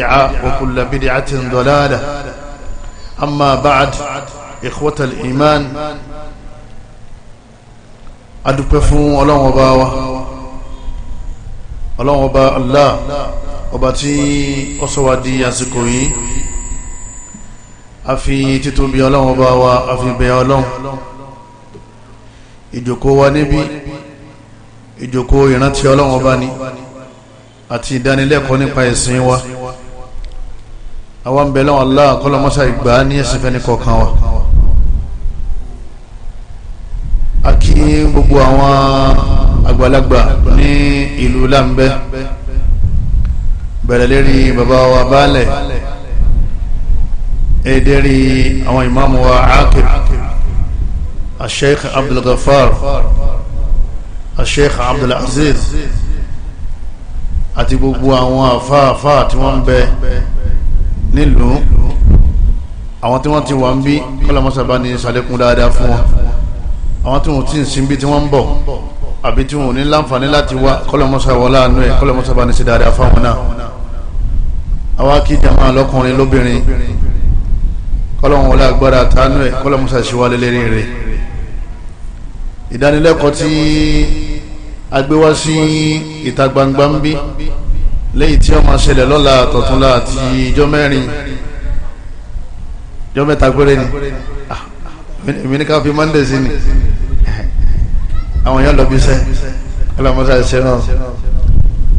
وكل بدعة ضلالة أما بعد إخوة الإيمان أدبفون الله وباوة ولا وباء الله وباتي أصوادي يسكوي أفي تتوبي الله وباوة أفي بي ولا ìjòkó wa níbi ìjòkó ìrántí ọlọ́run ọba ni àti ìdánilẹ́kọ̀ọ́ nípa àwọn bẹ̀rẹ̀ lọ́wọ́ Allah kọ́lọ́mọ́sá ìgbà ní ẹ̀sìn fẹ́ni kọ̀ọ̀kan wa a kí gbogbo àwọn àgbàlagbà ní ìlú láńbẹ́ bẹ̀rẹ̀ lérí bàbá wa baálẹ̀ èdèrí àwọn ìmáàmù wa akib asheikh abdulgafar asheikh abdulaziz àti gbogbo àwọn àfáàfáà tí wọ́n ń bẹ nílùú àwọn tí wọ́n ti wà ń bí kọ́lámọ́sábà ní sàlékún dáadáa fún wọn àwọn tí wọ́n ti ń sin bí tí wọ́n ń bọ̀ àbí tí wọ́n ní láǹfààní láti wá kọ́lámọ́sábà láàánú ẹ̀ kọ́lámọ́sábà ní sí dáadáa fáwọn náà àwa kí jama lọ́kùnrin lóbìnrin kọ́lọ́wọ́n wọlé agbára àtàánú ẹ̀ kọ́lámọ́sá ṣíwálé lérí léyìí tí ó máa ṣẹlẹ̀ lọ́la tọ̀túnla àti ìjọ mẹ́rin ìjọ mẹ́ta péré ni ah, èmi ní ká fi monday sí ni àwọn èèyàn lọ bí iṣẹ́ ọlọ́mọṣá iṣẹ́ náà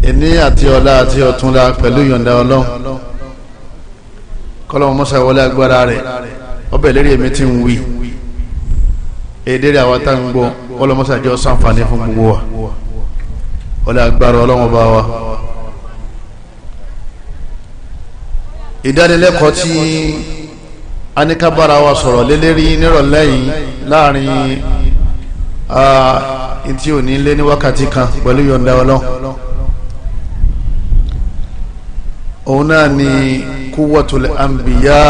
èní àti ọ̀la àti ọ̀túnla pẹ̀lú ìyọ̀ǹda ọlọ́run kọ́lọ́mọ mọ́ṣá wọlé agbára rẹ̀ ọbẹ̀ lérí èmi ti ń wí èdè àwọn táwọn gbọ́ kọ́lọ́mọṣá jọ ṣàǹfààní fún gbogbo wa ọlọ́ agbára ọlọ́run bá wa. ìdánilẹ́kọ̀ọ́ tí aníkábára wa sọ̀rọ̀ lélẹ́rí nírọ̀lẹ́ yìí láàrin tí ò ní lé ní wákàtí kan pẹ̀lú yọ̀ǹda ọlọ́ òun náà ni kúwọ́tul anbiya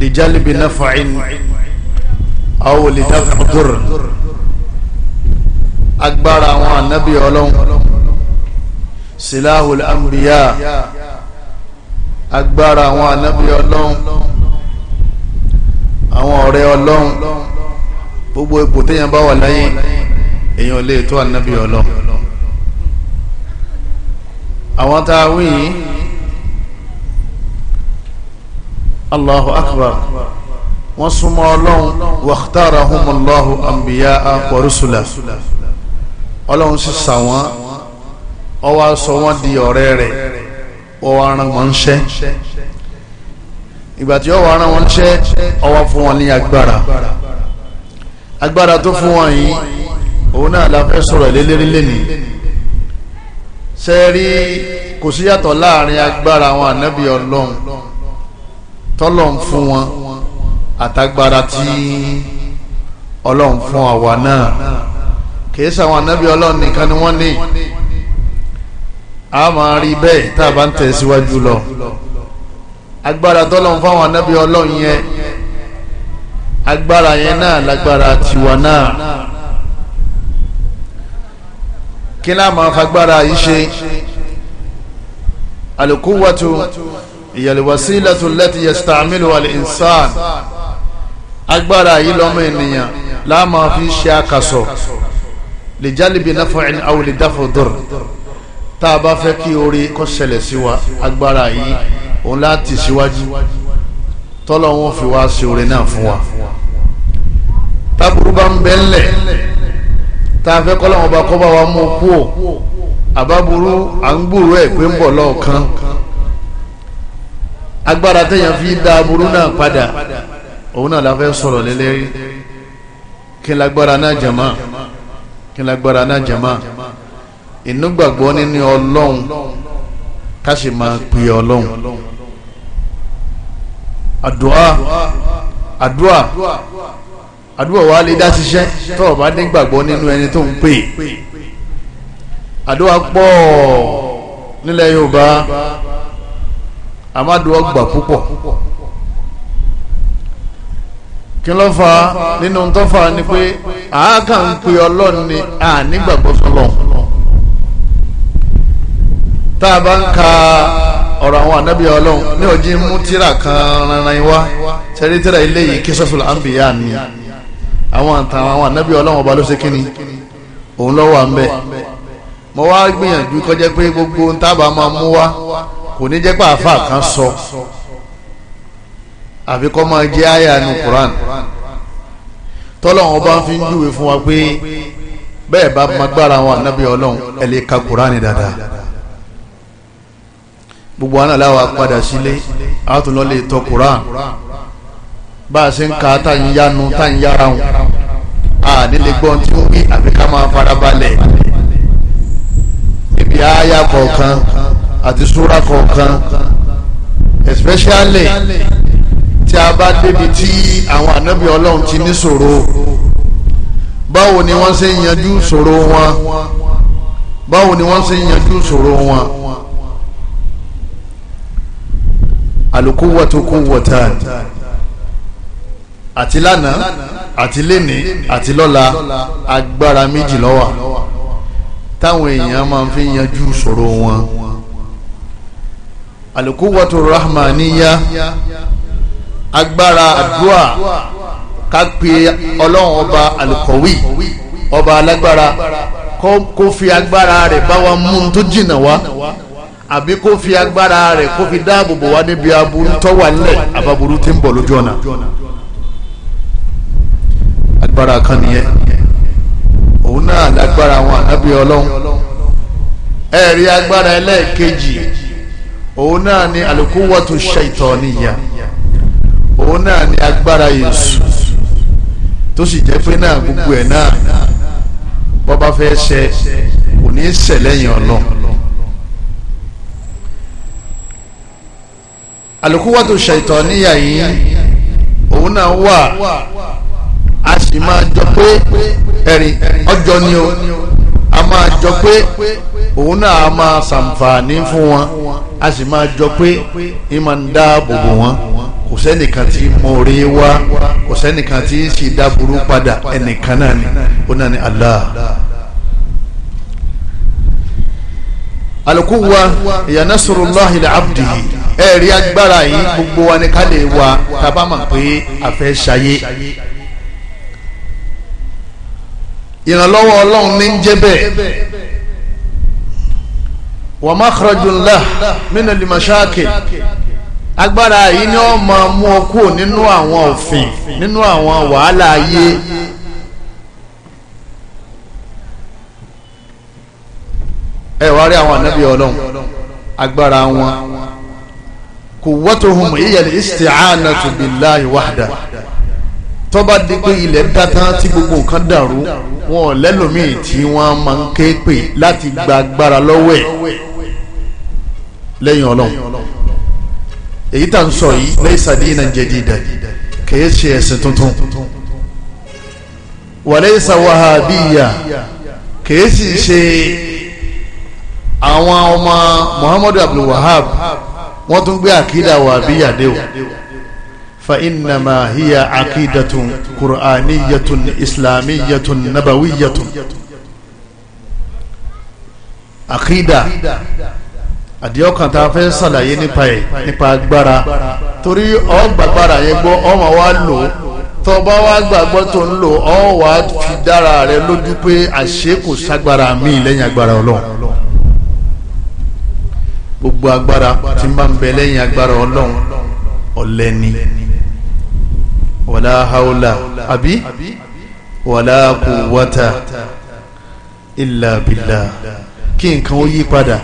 lijalibi nafa'in aw lidafi dur agbára àwọn ànábì ọlọ́run silahul anbiya. Yeah agbára àwọn ànábì ọlọ́run àwọn ọ̀rẹ́ ọlọ́run gbogbo ipò téèyàn bá wà láyé èèyàn lè tó ànábì ọlọ́run àwọn tá a wí yìí allahu akbar wọ́n súnmọ́ ọlọ́run wakhtarahumullahu anbiya wa ọlọ́run sì sà wọ́n sọ wọ́n di ọ̀rẹ́ rẹ̀ ọwọ́ ara wọn ń ṣẹ́ ìgbà tí ọwọ́ ara wọn ń ṣẹ́ ọwọ́ fún wọn ní agbára agbára tó fún wọn yìí òun náà la fẹ́ sọ̀rọ̀ lélẹ́rí lẹ́nìí ṣe rí kò sí yàtọ̀ láàrin agbára àwọn ànábì ọlọ́run tọ́lọ́run fún wọn àtagbára tí ọlọ́run fún àwa náà kìí sàwọn ànábì ọlọ́run nìkan ni wọ́n ní a máa rí bẹ́ẹ̀ tá a bá ń tẹ̀síwájú lọ agbára tọ́lọ́n fáwọn anábì ọlọ́run yẹn agbára yẹn náà lágbára tiwa náà kí náà máa fagbára yìí ṣe alukuwatu ìyàlùwàsílẹ̀tù lẹ́tì yẹ̀sítàmílù alìsàn agbára yìí lọ́mọ ènìyàn láà máa ṣe àkàsọ̀ lè jálìbì náfọ̀ ẹni àwòlè dáfọ̀ dọ̀rọ̀ tá a bá fẹ́ kí oore kó ṣẹlẹ̀ sí wa agbára yìí òun láti síwájú tọ́lọ̀ wọn fi wá sí oore náà fún wa táburú bá ń bẹ ńlẹ̀ tá a fẹ́ kọ́ làwọn ọba kọ́ bá wa mú kú o àbáburú à ń gbúrú ẹ̀ pé ń bọ̀ lọ́ọ̀kan agbára téèyàn fi dá aburú náà padà òun náà la fẹ́ sọ̀rọ̀ lélẹ́rí kí n lágbára náà jàmá kí n lágbára náà jàmá inú gbàgbọ́ nínú ọlọ́run ká sì máa pè ọlọ́run àdúà àdúà àdúà wa lè dá ṣiṣẹ́ tó o bá ní gbàgbọ́ nínú ẹni tó ń pè àdúà pọ̀ nílẹ̀ Yorùbá àmàdùá gbà púpọ̀ kí ló fà nínú tó fà ni pé àákà ń pè ọlọ́run ni à nígbàgbọ́ sọlọ́run tá a bá ń ka ọ̀rọ̀ àwọn ànábì ọlọ́run ní ọjí mú tíra kan rárá yín wá sẹ́rí tíra ilé yìí kí sọ́sùlù àǹbìyá ni àwọn àtàn àwọn ànábì ọlọ́run ọba ló ṣe kíni òun lọ́wọ́ à ń bẹ̀ mo wá gbìyànjú kọjá pé gbogbo ohun tá a bá máa mú wá kò ní jẹ́ pé àáfà kan sọ àbí kọ́ máa jẹ́ àyà nu Quran tọ́lọ́run bá fi ń júwe fún wa pé bẹ́ẹ̀ bá magbára àwọn ànábì ọlọ́run ẹ̀ lè ka Quran dáadáa gbogbo àná làwọn padà sílé àtúnlọ́ lè tọ Quran bá a ṣe ń ka tá ń yánu tá ń yára wọn a nílé gbọ́n tí ó wí àbí máa farabalẹ̀ ibi àáyá kọ̀ọ̀kan àti súra kọ̀ọ̀kan especially tí a bá débi tí àwọn ànábì ọlọ́run ti ní ṣòro báwo ni wọ́n ṣe ń yanjú ṣòro wọn báwo ni wọ́n ṣe ń yanjú ṣòro wọn alukuwatu kuwatan àti lánàá àti léni àti lọ́la agbára méjì ló wà táwọn èèyàn máa fi yanjú ṣòro wọn alukuwatu rahmaniya agbára àdúrà ká pe ọlọ́run ọba alukọ̀wé ọba alágbára kó fi agbára rẹ̀ bá wa mú un tó jìnnà wá àbí kó fi agbára rẹ̀ kó fi dáàbò bò wá níbi aburú tó wà nílẹ̀ àbáburú tí ń bọ̀ lójú ọ̀nà agbára kan nìyẹn òun náà lágbára àwọn ànábì ọlọ́run ẹ̀rí agbára ẹlẹ́ẹ̀kejì òun náà ni alukuwatu shaitaniyya òun náà ni agbára Èṣù tó sì jẹ́ pé náà gbogbo ẹ̀ náà bọ́ bá fẹ́ ṣe kò ní í ṣẹ̀ ọlọ́run. alukuwatu ṣaitaniya yìí òun náà wà a sì máa jọ pé ẹ̀rí ọjọ́ ni o a máa jọ pé òun náà a máa ṣàǹfààní fún wọn a sì máa jọ pé ìmọ̀ ń dáàbò bò wọ́n kò sẹ́nìkan tí mọ̀ọ́rẹ́ wá kò sẹ́nìkan tí sì dáburú padà ẹnìkan náà ni ó náà ni Allah. alukuwa ya abdihi. ẹ̀rí agbára yìí gbogbo wa ni ká lè wa tá a bá mọ̀ pé a fẹ́ ṣayé ìrànlọ́wọ́ ọlọ́run ní ń jẹ́ bẹ́ẹ̀ wa makhrajun agbára yìí ni ó máa mú ọ kúrò nínú àwọn òfin nínú àwọn wàhálà ayé ẹ wá rí àwọn ànábì ọlọ́run agbára wọn quwwatuhum hiya al-isti'anatu billahi wahda tó bá di pé ilẹ̀ dátán tí gbogbo nǹkan dàrú wọn ò lẹ́lòmíì tí wọ́n máa ń ké pè láti gba agbára lọ́wọ́ ẹ̀ lẹ́yìn ọlọ́run èyí tá n sọ yìí laysa dinan jadidan kìí ṣe ẹ̀sìn tuntun wa laysa kìí sì ṣe àwọn ọmọ muhammadu abdul wahab wọ́n tún gbé àkídà wàhábíyà dé o fa innama hiya akidatun qur'aniyatun islamiyatun nabawiyatun akida àdìọ́kàn tá a fẹ́ ṣàlàyé nípa ẹ̀ nípa agbára torí ọgbàgbára yẹn gbọ́ ọmọ wa lò tó bá wá gbàgbọ́ tó ń lò ọ wàá fi dára rẹ lójú pé àṣẹ kò ságbára míì lẹ́yìn agbára ọlọ́run gbogbo agbára tí n bá ń bẹ lẹ́yìn agbára ọlọ́run ọ̀lẹ ni wàlá haúlà àbí wàlá kùwátà ìlà bìlà kí nǹkan ó yí padà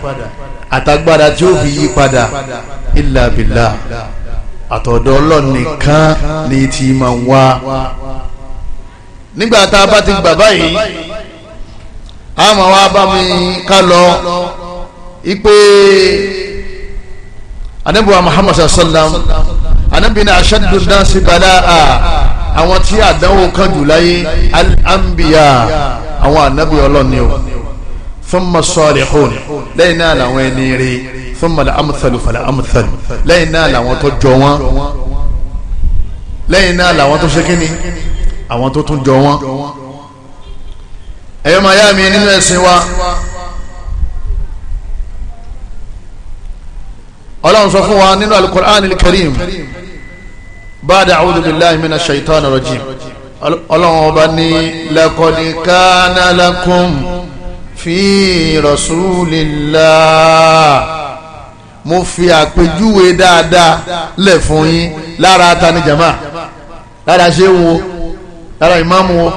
àtagbára tí ó fi yí padà ìlà bìlà àtọ̀dọ̀ ọlọ́run nìkan ni ti máa ń wá nígbà tá a bá ti gbà báyìí a máa wá bá mi ká lọ ipe anabiwa muhammad sallam anabi ni aṣadu nasi bala'a àwọn tí àdánwò kan jù láyé al-anbiya àwọn anabi ọlọ́ni o thumma salihun lẹ́yìn náà làwọn ẹni rí thumma al-amthalu fal lẹ́yìn náà làwọn tó jọ wọn lẹ́yìn náà làwọn tó ṣe àwọn tó tún jọ wọn ẹ̀yọ́ màá yá mi nínú ẹ̀sìn wa. ọlọ́run sọ fún wa nínú alukur'an alkarim báadà àwùjọ bíláì mìíràn ṣèitán rọjì ọlọ́run ọba ní laqad kana lakum fi rasulillah mo fi àpèjúwe dáadáa lẹ̀ fún yín lára tani jama lára ṣé wo lára ìmáàmù wo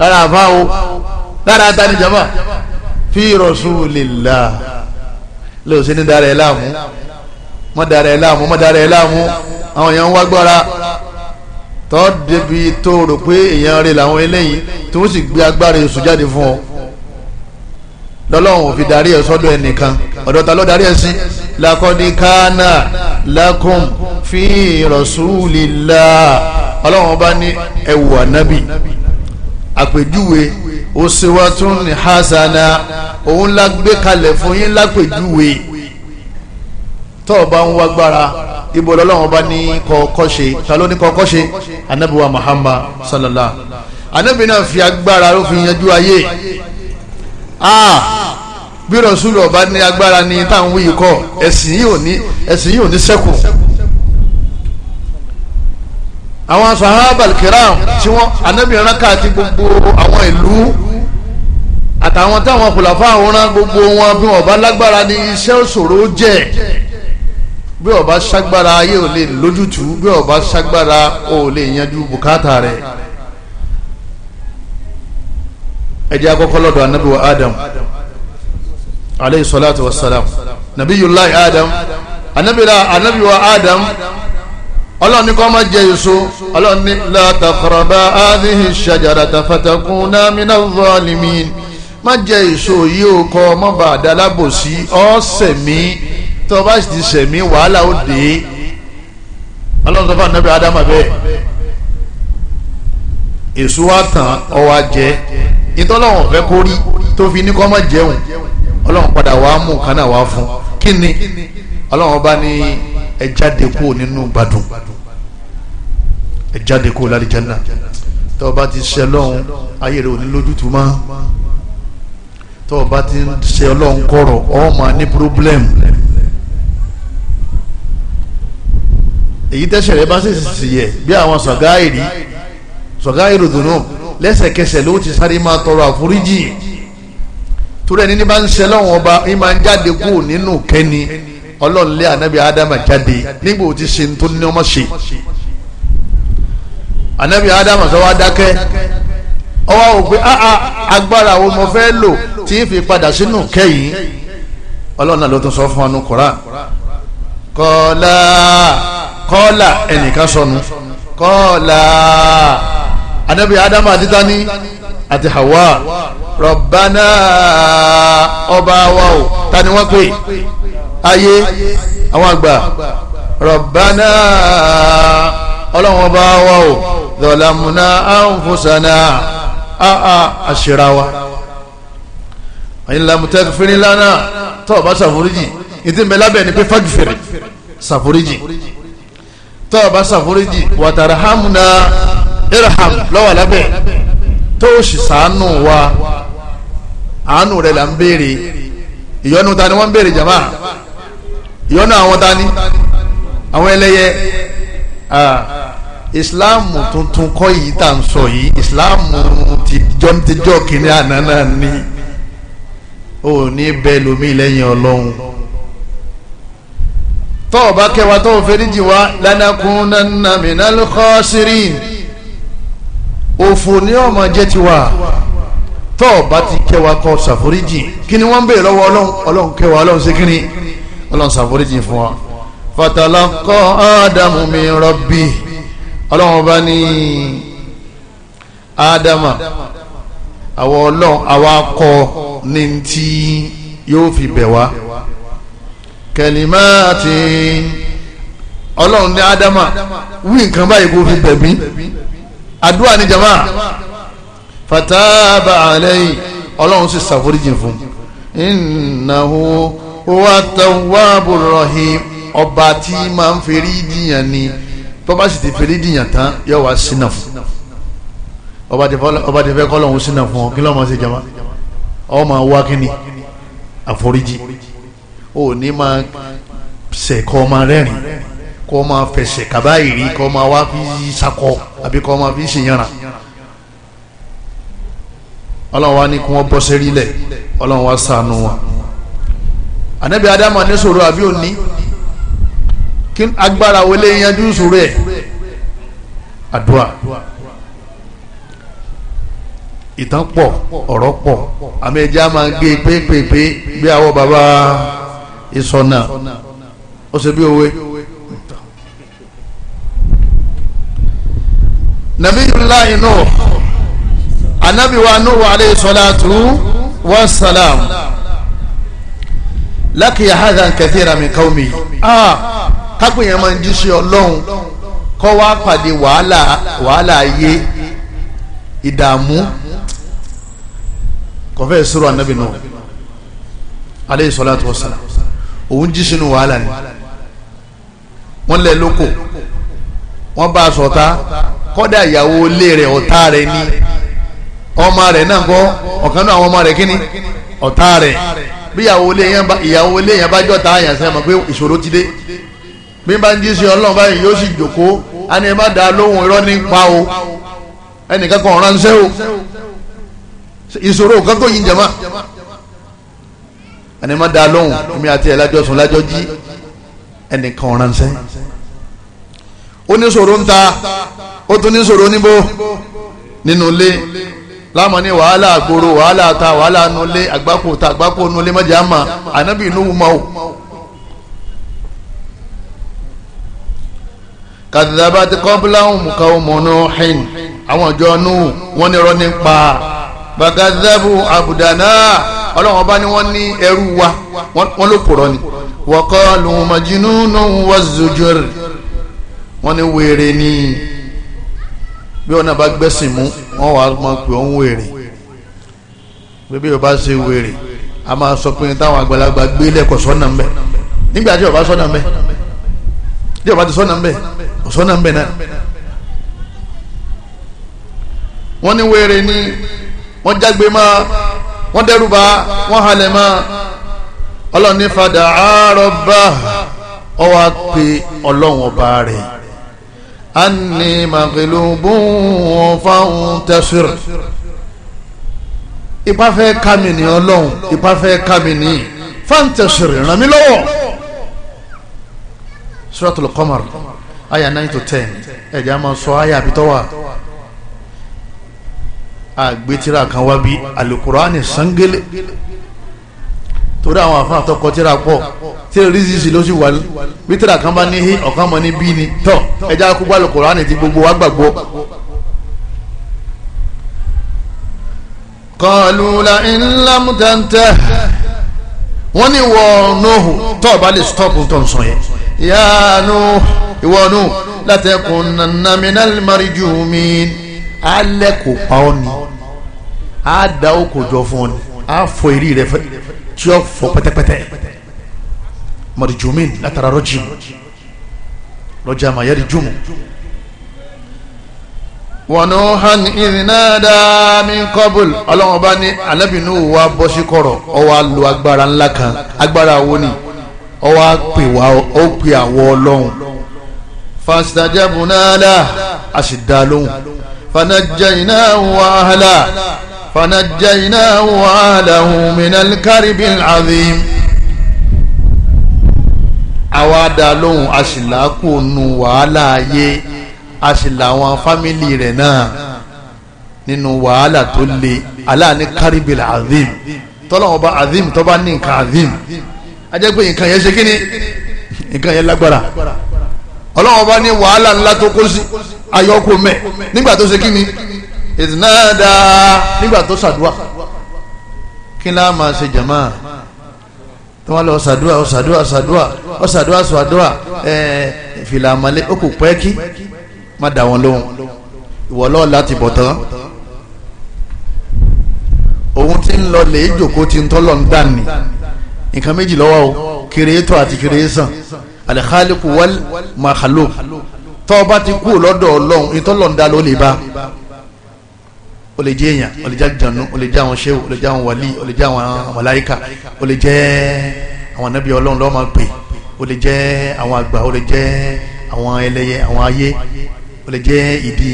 lára àbá wo lára tani jama fi rasulillah lóòsí ní dára ẹ̀ láàmú mọ́dára ẹ̀ láàmú mọ́dára ẹ̀ láàmú àwọn èèyàn ń wá gbọ́ra tọ́ débi tó rò pé èèyàn rẹ̀ làwọn eléyìí tí wọ́n sì gbé agbára èṣù jáde fún ọ lọ́lọ́run ò fi darí ẹ̀ sọ́dọ̀ ẹnìkan ọ̀dọ̀ ta ló darí ẹ̀ sí lakọ́ni kánà fi rasulillah ọlọ́run bá ní ẹ̀wù ànábì àpèjúwe ó ṣe wá tún ní hasana òun la kalẹ̀ fún yín lápèjúwe. La tọ́ ọba ń wá gbára ibo lọ́lọ́wọ́n bá ní kọ́kọ́ ta ló ní kọ́kọ́ ṣe muhammad sallallahu anabi náà fi agbára ló fi yanjú ayé ah bí rọ̀ṣúlù ọba ní agbára ní táwọn wíyì kọ́ ẹ̀sìn yìí ò ní ẹ̀sìn yìí ò ní sẹ́kù àwọn sahaba kiram tí wọ́n anabi rán káàkiri gbogbo àwọn ìlú àtàwọn táwọn kùlàfà àwọn gbogbo wọn bí wọn bá lágbára ní iṣẹ́ òṣòro jẹ́ bí o bá ṣagbára ayé ò lè lójútùú bí o bá ṣagbára ò lè yanjú bùkátà rẹ̀ ẹjẹ́ akọ́kọ́ lọ́dọ̀ anábì wa adam aleyhi salatu wa salam nabiyullahi adam anabila anabi wa adam ọlọ́ni kọ́ máa jẹ èso ọlọ́ni la taqraba hadhihi shajarata fatakuna mina zalimin má jẹ èso yìí ó kọ́ mọ́ba àdàlábòsí ọ̀sẹ̀ tó bá ti sẹ̀mí wàhálà ó dé ọlọ́run tó fà nàbẹ̀ ádámà bẹ́ẹ̀ èso wa tàn ọwọ́ jẹ ìtọ́lọ́wọ̀n fẹ́ kó rí tó fi ní kọ́ mọ́ jẹun ọlọ́run padà wàá mú kan náà wàá fún kí ni ọlọ́run bá ní ẹ jáde kúrò nínú gbádùn ẹ jáde kúrò lálìjánná tó bá ti ṣe ọlọ́run ayé rẹ̀ ò ní lójútùú mọ́ tó bá ti ṣe ọlọ́run kọ̀rọ̀ ọ́ máa ní pírọ́blẹ́mù èyí tẹ́sẹ̀ rẹ bá sì sì yẹ bí àwọn sọ̀gáìrì sọ̀gáìrì dùnú lẹ́sẹ̀kẹsẹ̀ ló ti sáré máa tọrọ àforíjì torí ẹni ní bá ń ṣe lọ́wọ́n ọba ní máa ń jáde kú nínú kẹ́ni ọlọ́ọ̀lẹ́ ànábì ádámà jáde nígbà tí ṣe tó ní ọmọ ṣe ànábì ádámà sọ wá dákẹ́ ọwọ́ ò pé agbára wo mo fẹ́ lò tí ń fi padà sínú kẹ́yìn ọlọ́ọ̀nà ló tún sọ fún ọnù kọ́lá kọ́ọ̀là ẹnìkan sọnù kọ́ọ̀là anabi adamu àti tani àti hawa rọ̀bánà ọba wa o tani wọ́n pè ayé àwọn àgbà rọ̀bánà ọlọ́run ọba wa o dọ̀làmúná àǹfọ̀sánà àà àṣírà wa àyìnlámùtẹ́ fínilánà tọ́ọ̀bá ṣàforíjì ìdí mẹ́lábẹ́ ni pé fagifèrè ṣàforíjì tó o bá ṣàforíjì wàtàrà hàmúnà irham lọ́wọ́ lábẹ́ tó o sì sàánù wa àánú rẹ̀ là ń béèrè ìyọ́nú ta ni wọ́n ń béèrè jàmá ìyọ́nú àwọn ta ni àwọn ẹlẹ́yẹ ìsìláàmù tuntun kọ́ yìí tá à ń sọ yìí ìsìláàmù tìjọ́ kìnìún àná náà ni ò ní bẹ́ẹ̀ lómi lẹ́yìn ọlọ́run tọ́ ọba kẹwàá tọ́ òfèríjì wá lanakunanna minal khasirin òfò ní ọmọ jẹ́ ti wà tọ́ ọba ti kẹwàá kọ ṣàforíjì kí ni wọ́n ń bèèrè lọ́wọ́ ọlọ́run ọlọ́run kẹwàá ọlọ́run ṣe kí ni ọlọ́run ṣàforíjì fún wa fatalaqa ádámù min rabbi ọlọ́run ọba ní ádámà àwọn ọlọ́run àwa kọ ní ti yóò fi bẹ̀ wá kẹlímáàtì ọlọ́run ní ádámà wí nǹkan báyìí kó fi bẹ̀mí àdúrà ní jama fataba alayhi ọlọ́run sì ṣàforíjì fún innahu huwa tawwabur rahim ọba tí máa ń fèrè ìdíyàn ni bọ́bá sì ti fèrè ìdíyàn tán yóò wá sínà fún ọba ti fẹ́ kọ́ lọ́run sínà fún ọ kí ló máa ṣe jama ọ máa wá kíni àforíjì o ní máa sẹ̀ kọ́ ọmọ rẹ́rìn kọ́ ọmọ fẹsẹ̀ kàbáyìrì kọ́ ọmọ wá fi sakọ àbí kọ́ ọmọ fi ṣìyànrà ọlọ́run wa ní kí wọ́n bọ́ sẹ́rí lẹ̀ ọlọ́run wa sànù wọn. ànábì adama ní sòrò àbí òní kí agbára wo lè yanjú sòrò ẹ̀ àdúrà ìtàn pọ̀ ọ̀rọ̀ pọ̀ àmì ẹja máa ń gé pépèpé bí àwọn baba ìsọ̀nà ó ṣe bí òwe. nabiyullahi Nuh anabi wa Nuh alayhi salatu wa salam laqiya hadhan kathiran min qawmi ah. ah kápẹ́ yẹn máa ń jí sí ọlọ́run kọ́ wá pàdé wàhálà ayé ìdààmú kọfẹ́ ìṣòro anabi Nuh alayhi salatu wa òun jí sínú wàhálà ni wọ́n lẹ̀ lóko wọ́n bá a sọ̀tá kọ́dà ìyàwó ilé rẹ̀ ọ̀tá rẹ̀ ni ọmọ rẹ̀ náà kọ́ ọ̀kan náà àwọn ọmọ rẹ̀ kíni ọ̀tá rẹ̀ bí ìyàwó ilé yẹn bá ìyàwó ilé yẹn bá jọ̀tá àyàn sẹ́yìn mọ̀ pé ìṣòro ti dé bí bá ń jí sí ọlọ́run báyìí yóò sì jòkó á ní ẹ lóhùn irọ́ nípa o ẹnìkan kan ọ̀ránṣẹ́ o ìṣòro kankan yìí jẹ̀mọ́ ẹni má da lóhùn èmi àti ẹ̀ lájọ sùn lájọ jí ẹnìkan ránṣẹ́ ó ní ṣòro ń ta ó tún ní ṣòro níbo nínú ilé láàmú ní wàhálà àgbòrò wàhálà ta wàhálà nulẹ̀ àgbákò ta àgbákò nulẹ̀ mọ̀jà mà ànábì inú wùmọ̀ o. kàdàbà ti kọ́bíláhùn qawmu Nuhin àwọn ìjọ nù wọ́n ní rọ́ nípa bàgàdàbù àbùdànà ọlọ́run ọba ni wọ́n ní ẹrú wa wọ́n ló kúrọ́ ni wa qalu majnunun wa zujur wọ́n ní wèrè ni bí wọn náà bá gbẹ́sìn mú wọ́n wàá máa pè ọ́n wèrè bébí o bá ṣe wèrè a máa sọ pé táwọn àgbàlagbà gbé lẹ́kọ̀ọ́ sọ́nà ń nígbà tí o bá sọ́nà ń tí o bá ti sọ́nà ń sọ́nà ń náà wọ́n ní wèrè ni wọ́n jágbe máa wọ́n dẹ́rùbà wọ́n halẹ̀ mọ́ ọlọ́run ní fadà àárọ̀ bá ọ wá pe ọlọ́run ọba rẹ̀ anni maghlubun fantasir ipa fẹ́ ká mi ní ọlọ́run ipa fẹ́ ká mi ní fantasir ràn mí lọ́wọ́ suratul qamar aya nine to ten ẹ̀jẹ̀ a máa sọ aya àbítọ́wà àgbétira kan wá bí alukurani sangele torí àwọn àfa àtọkọ tíra pọ tí rízìsì ló sì wà ní bí tíra kan bá ní hí ọ̀kan mọ́ ní bí ni tọ́ ẹja akúgbà alukurani ti gbogbo wa gbàgbọ́. qalu la in lam ní wọ́n nóhù tọ́ ọ̀bá lè stop tó sọ yẹn yáà nóhù látẹkùn nàmínà màrìjùmíìn á lẹ̀ kó pa ọ́ ni a da okò jọ fún ọ ni á fọ eré rẹ tí ó fọ pẹ́tẹ́pẹ́tẹ́ mọ̀rìjùmín látara rọ́jìmù lọ́jà màyẹ́rì jùmù. wọnúhàn ìrìnàdà mi kọ́bùl ọlọ́wọ́n bá ní alábìínú wa bọ́ sí kọ̀rọ̀ ọ wa lo agbára ńlá kan agbára wo ni ọ wa pè wá ó pè àwọ ọlọ́run fastajabunala a sì dá lóhùn فنجيناه وأهله فنجيناه وأهله من الكرب العظيم àwa dá lóhùn a sì là á kú nu wàhálà ayé a sì là àwọn fámìlì rẹ̀ náà nínú wàhálà tó le aláàní karibil azim tọ́lọ́wọ́n bá azim tó bá ní nǹkan azim a jẹ́ pé nǹkan yẹn ṣe kí ni nǹkan yẹn lágbára ọlọ́wọ́n bá ní wàhálà ńlá tó kó sí ayọ́kọ́ mẹ́ nígbà tó ṣe kí ni ìdínàdà nígbà tó ṣàdúà kí ni a máa ṣe jàmá tí wọ́n lọ ṣàdúà ṣàdúà ṣàdúà ṣàdúà ṣàdúà fìlà àmàlẹ́ ó kò pẹ́ kí má dà wọ́n lóhùn ìwọ lọ́ọ̀ láti bọ̀ tán òun ti ń lọ lè jòkó ti ń tọ́lọ̀ ń dàn ní nǹkan méjì lọ́wọ́ o kéré tó àti kéré sàn alikhaliku wal makhluk tọ́ bá ti kú lọ́dọ̀ ọlọ́run ìtọ́lọ́ndà ló lè bá o lè jẹ́ èèyàn o lè jẹ́ àjànú o lè jẹ́ àwọn ṣéwù o lè jẹ́ àwọn wàlí o lè jẹ́ àwọn màláíkà o lè jẹ́ àwọn ànábì ọlọ́run lọ́ọ́ máa pè o lè jẹ́ àwọn àgbà o lè jẹ́ àwọn ẹlẹ́yẹ àwọn ayé o lè jẹ́ ìdí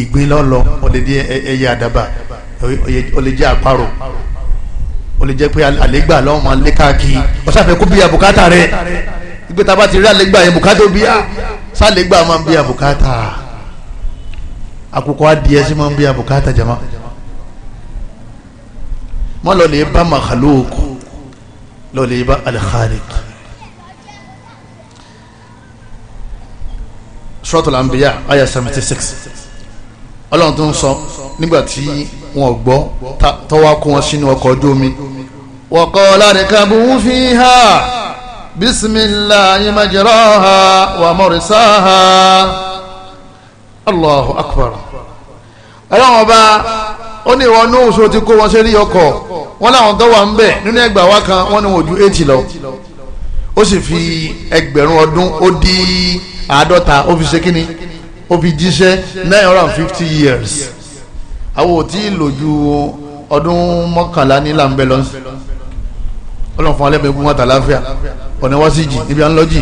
ìgbín lọ́lọ́ o lè jẹ́ ẹyẹ àdàbà o lè jẹ́ àparò o lè jẹ́ pé àlégbà lọ́wọ́ máa ọ̀sáfẹ́ kó bí abùkátà rẹ̀ ìgbé bá ti rí àlégbà yẹn bùkátà ó bí a sálẹ̀gbà máa ń bí àbùkátà àkùkọ adìẹ sí máa ń bí àbùkátà jama mọ́ lọ lè bá makhluk lọ lè bá al-Khaliq Suratul Anbiya ayah seventy six ọlọ́run tó ń sọ nígbà tí wọn gbọ́ tọ́wọ́ kó wọn sínú ọkọ̀ ojú omi wa qala rikabu fiha. بسم الله مجراها ومرساها الله أكبر ọlọ́run ọba ó ní ìwọ ní oṣù tí kó wọn ṣe rí ọkọ̀ wọn láwọn tó wà ń bẹ̀ nínú ẹgbà wa kan wọn ni wọn ju eighty lọ ó sì fi ẹgbẹ̀rún ọdún ó di àádọ́ta ó fi ṣe kínní ó fi jíṣẹ́ nine hundred and fifty years àwọn ò tí ì lò ju ọdún mọ́kànlá ní làǹbẹ̀ ọlọ́run fún alẹ́mọ̀ egun àtà láfíà ọ̀nà wá sí jì níbi à ń lọ́jì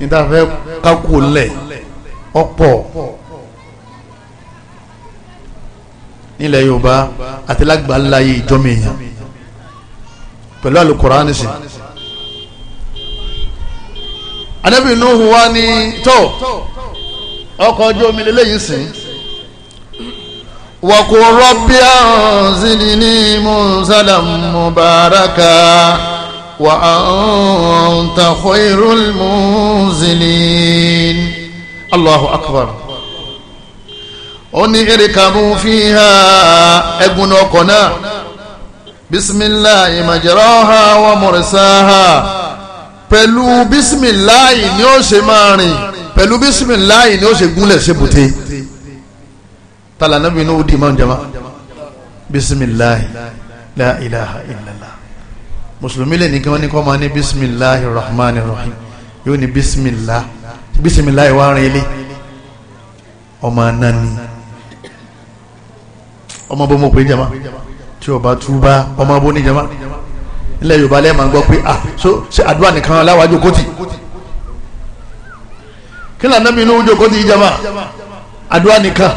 níta fẹ́ kákò lẹ̀ ọ̀pọ̀ nílẹ̀ yorùbá àti lágbàláyé ìjọmọ èèyàn pẹ̀lú àlùkùránì sí anábì Nuhu wa ní tó ọkọ̀ ojú omi lélẹ́yìn sìn وقل رب أنزلني منزلا مباركا وأنت خير المنزلين الله أكبر أني اركبوا فيها أبن وقنا بسم الله مجراها ومرساها pẹ̀lú bísmìláì ni ó ṣe máa rìn pẹ̀lú bísmìláì ni ó ṣe gúnlẹ̀ ṣe bùté tala anabi ní odi imam jama bisimilahi la ilaha illallah mùsùlùmí lè nìkan wọn ní kọ́ máa ní bisimilahi rahman rahim yóò ní bisimilah bisimilahi wà rìn ilé ọmọ anani ọmọ bó mo pè jama tí o bá túbá ọmọ bó ní jama ilẹ̀ yorùbá lẹ́ẹ̀ máa gbọ́ pé ah so ṣe àdúrà nìkan aláwájú kòtì kí ni anabi ní ojú kòtì jama àdúrà nìkan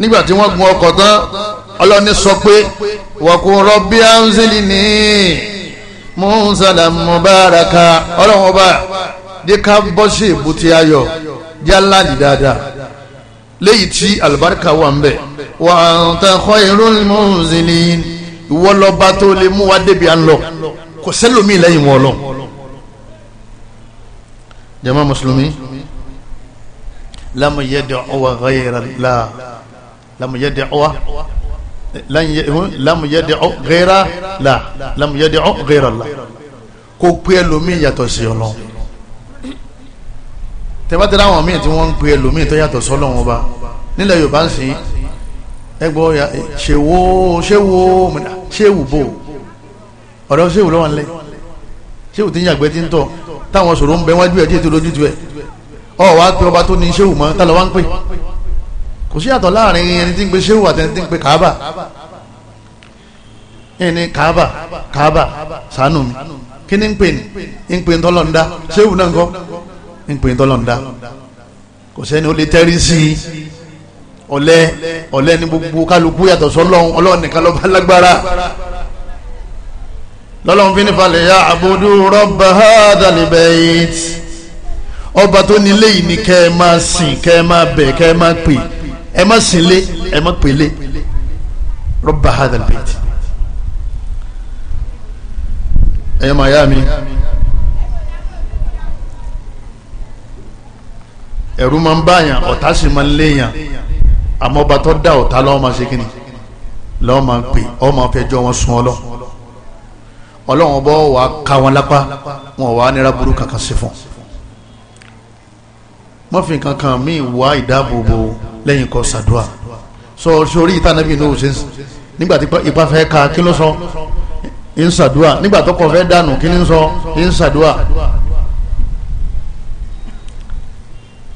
nígbà tí wọ́n gun ọkọ̀ tán ọlọ́ni sọ pé wọ̀kùn rọ́bí ánzílì ní mùsàlà mubaraka ọlọ́run ọba díka bọ́sì èbúté ayọ̀ jálàdì dáadáa léyìí tí àlùbáríkà wà ń bẹ̀ wà á tàn kọ́ irun mùsìlì ìwọ tó lè mú wa débi à ń lọ kò sẹ́lómi lẹ́yìn wọn lọ. jama mùsùlùmí lámù yẹ dọ̀ ọwọ́ ghayra Allah lamuyẹ́dẹ̀ọ́ lamuyẹ́dẹ̀ọ́ gẹ́rà la lamuyẹ́dẹ̀ọ́ gẹ́rà la kó pé ẹlòmíì yàtọ̀ sí ọlọ́run tẹ́bátẹ́lá àwọn míì tí wọ́n ń pè ẹlòmíì tó yàtọ̀ sọ́lọ́run ọba nílẹ̀ yorùbá ń sìn ẹgbọ́ ṣèwó ṣéwó ṣéwù bò ọ̀rọ̀ ṣéwù lọ́wọ́ nílẹ̀ ṣéwù tí ń yàgbẹ́ tí ń tọ̀ táwọn sọ̀rọ̀ ń bẹ wájú ẹ̀ díẹ̀ tó lójú tu ẹ̀ ọ̀ wá pé ọba tó ní ṣéwù mọ́ tá lọ wá ń pè kò sí yàtọ̀ láàrin ẹni tí ń pe sehu àti ẹni tí ń pe kaaba ẹni kaaba kaaba ṣàánú mi kí ni ń pè ní ń pè ní tọ́lọ́ndá sehu náà ń kọ́ ń pè ní tọ́lọ́ndá kò sẹ́ni ó lè tẹ́rí sí i ọ̀lẹ́ ọ̀lẹ́ ní gbogbo kálukú yàtọ̀ sọ́lọ́hún ọlọ́run nìkan lọ́ba lágbára lọ́lọ́run fi ní falẹ̀ ya àbúdú rọ́bà hádàlíbẹ̀ẹ́t ọba tó nílé yìí ni kẹ́ ẹ máa sìn kẹ́ ẹ máa bẹ̀ kẹ́ ẹ máa pè ẹ má sinlé ẹ má pèlé rọba hadal bait ẹyẹ máa yá mi ẹ̀rù máa ń báyàn ọ̀tá sì máa ń léyàn àmọ́ ọba tó dá ọ̀tá lọ́wọ́ máa ṣe kíni lọ́wọ́ pè ọ́ máa jọ wọn sun ọlọ́ ọlọ́wọ́n bọ́ wàá ká lápá wọn wàá nira burú kankan sí fún má fi nǹkan kan míì wá ìdáàbòbò lẹ́yìn kọ́ sàdúà sọ sórí ìta nàbí inú òsè nígbà tí ipa fẹ́ ka kí ló sọ ń sàdúà nígbà tó kọ fẹ́ dànù kí ló sọ ń sàdúà.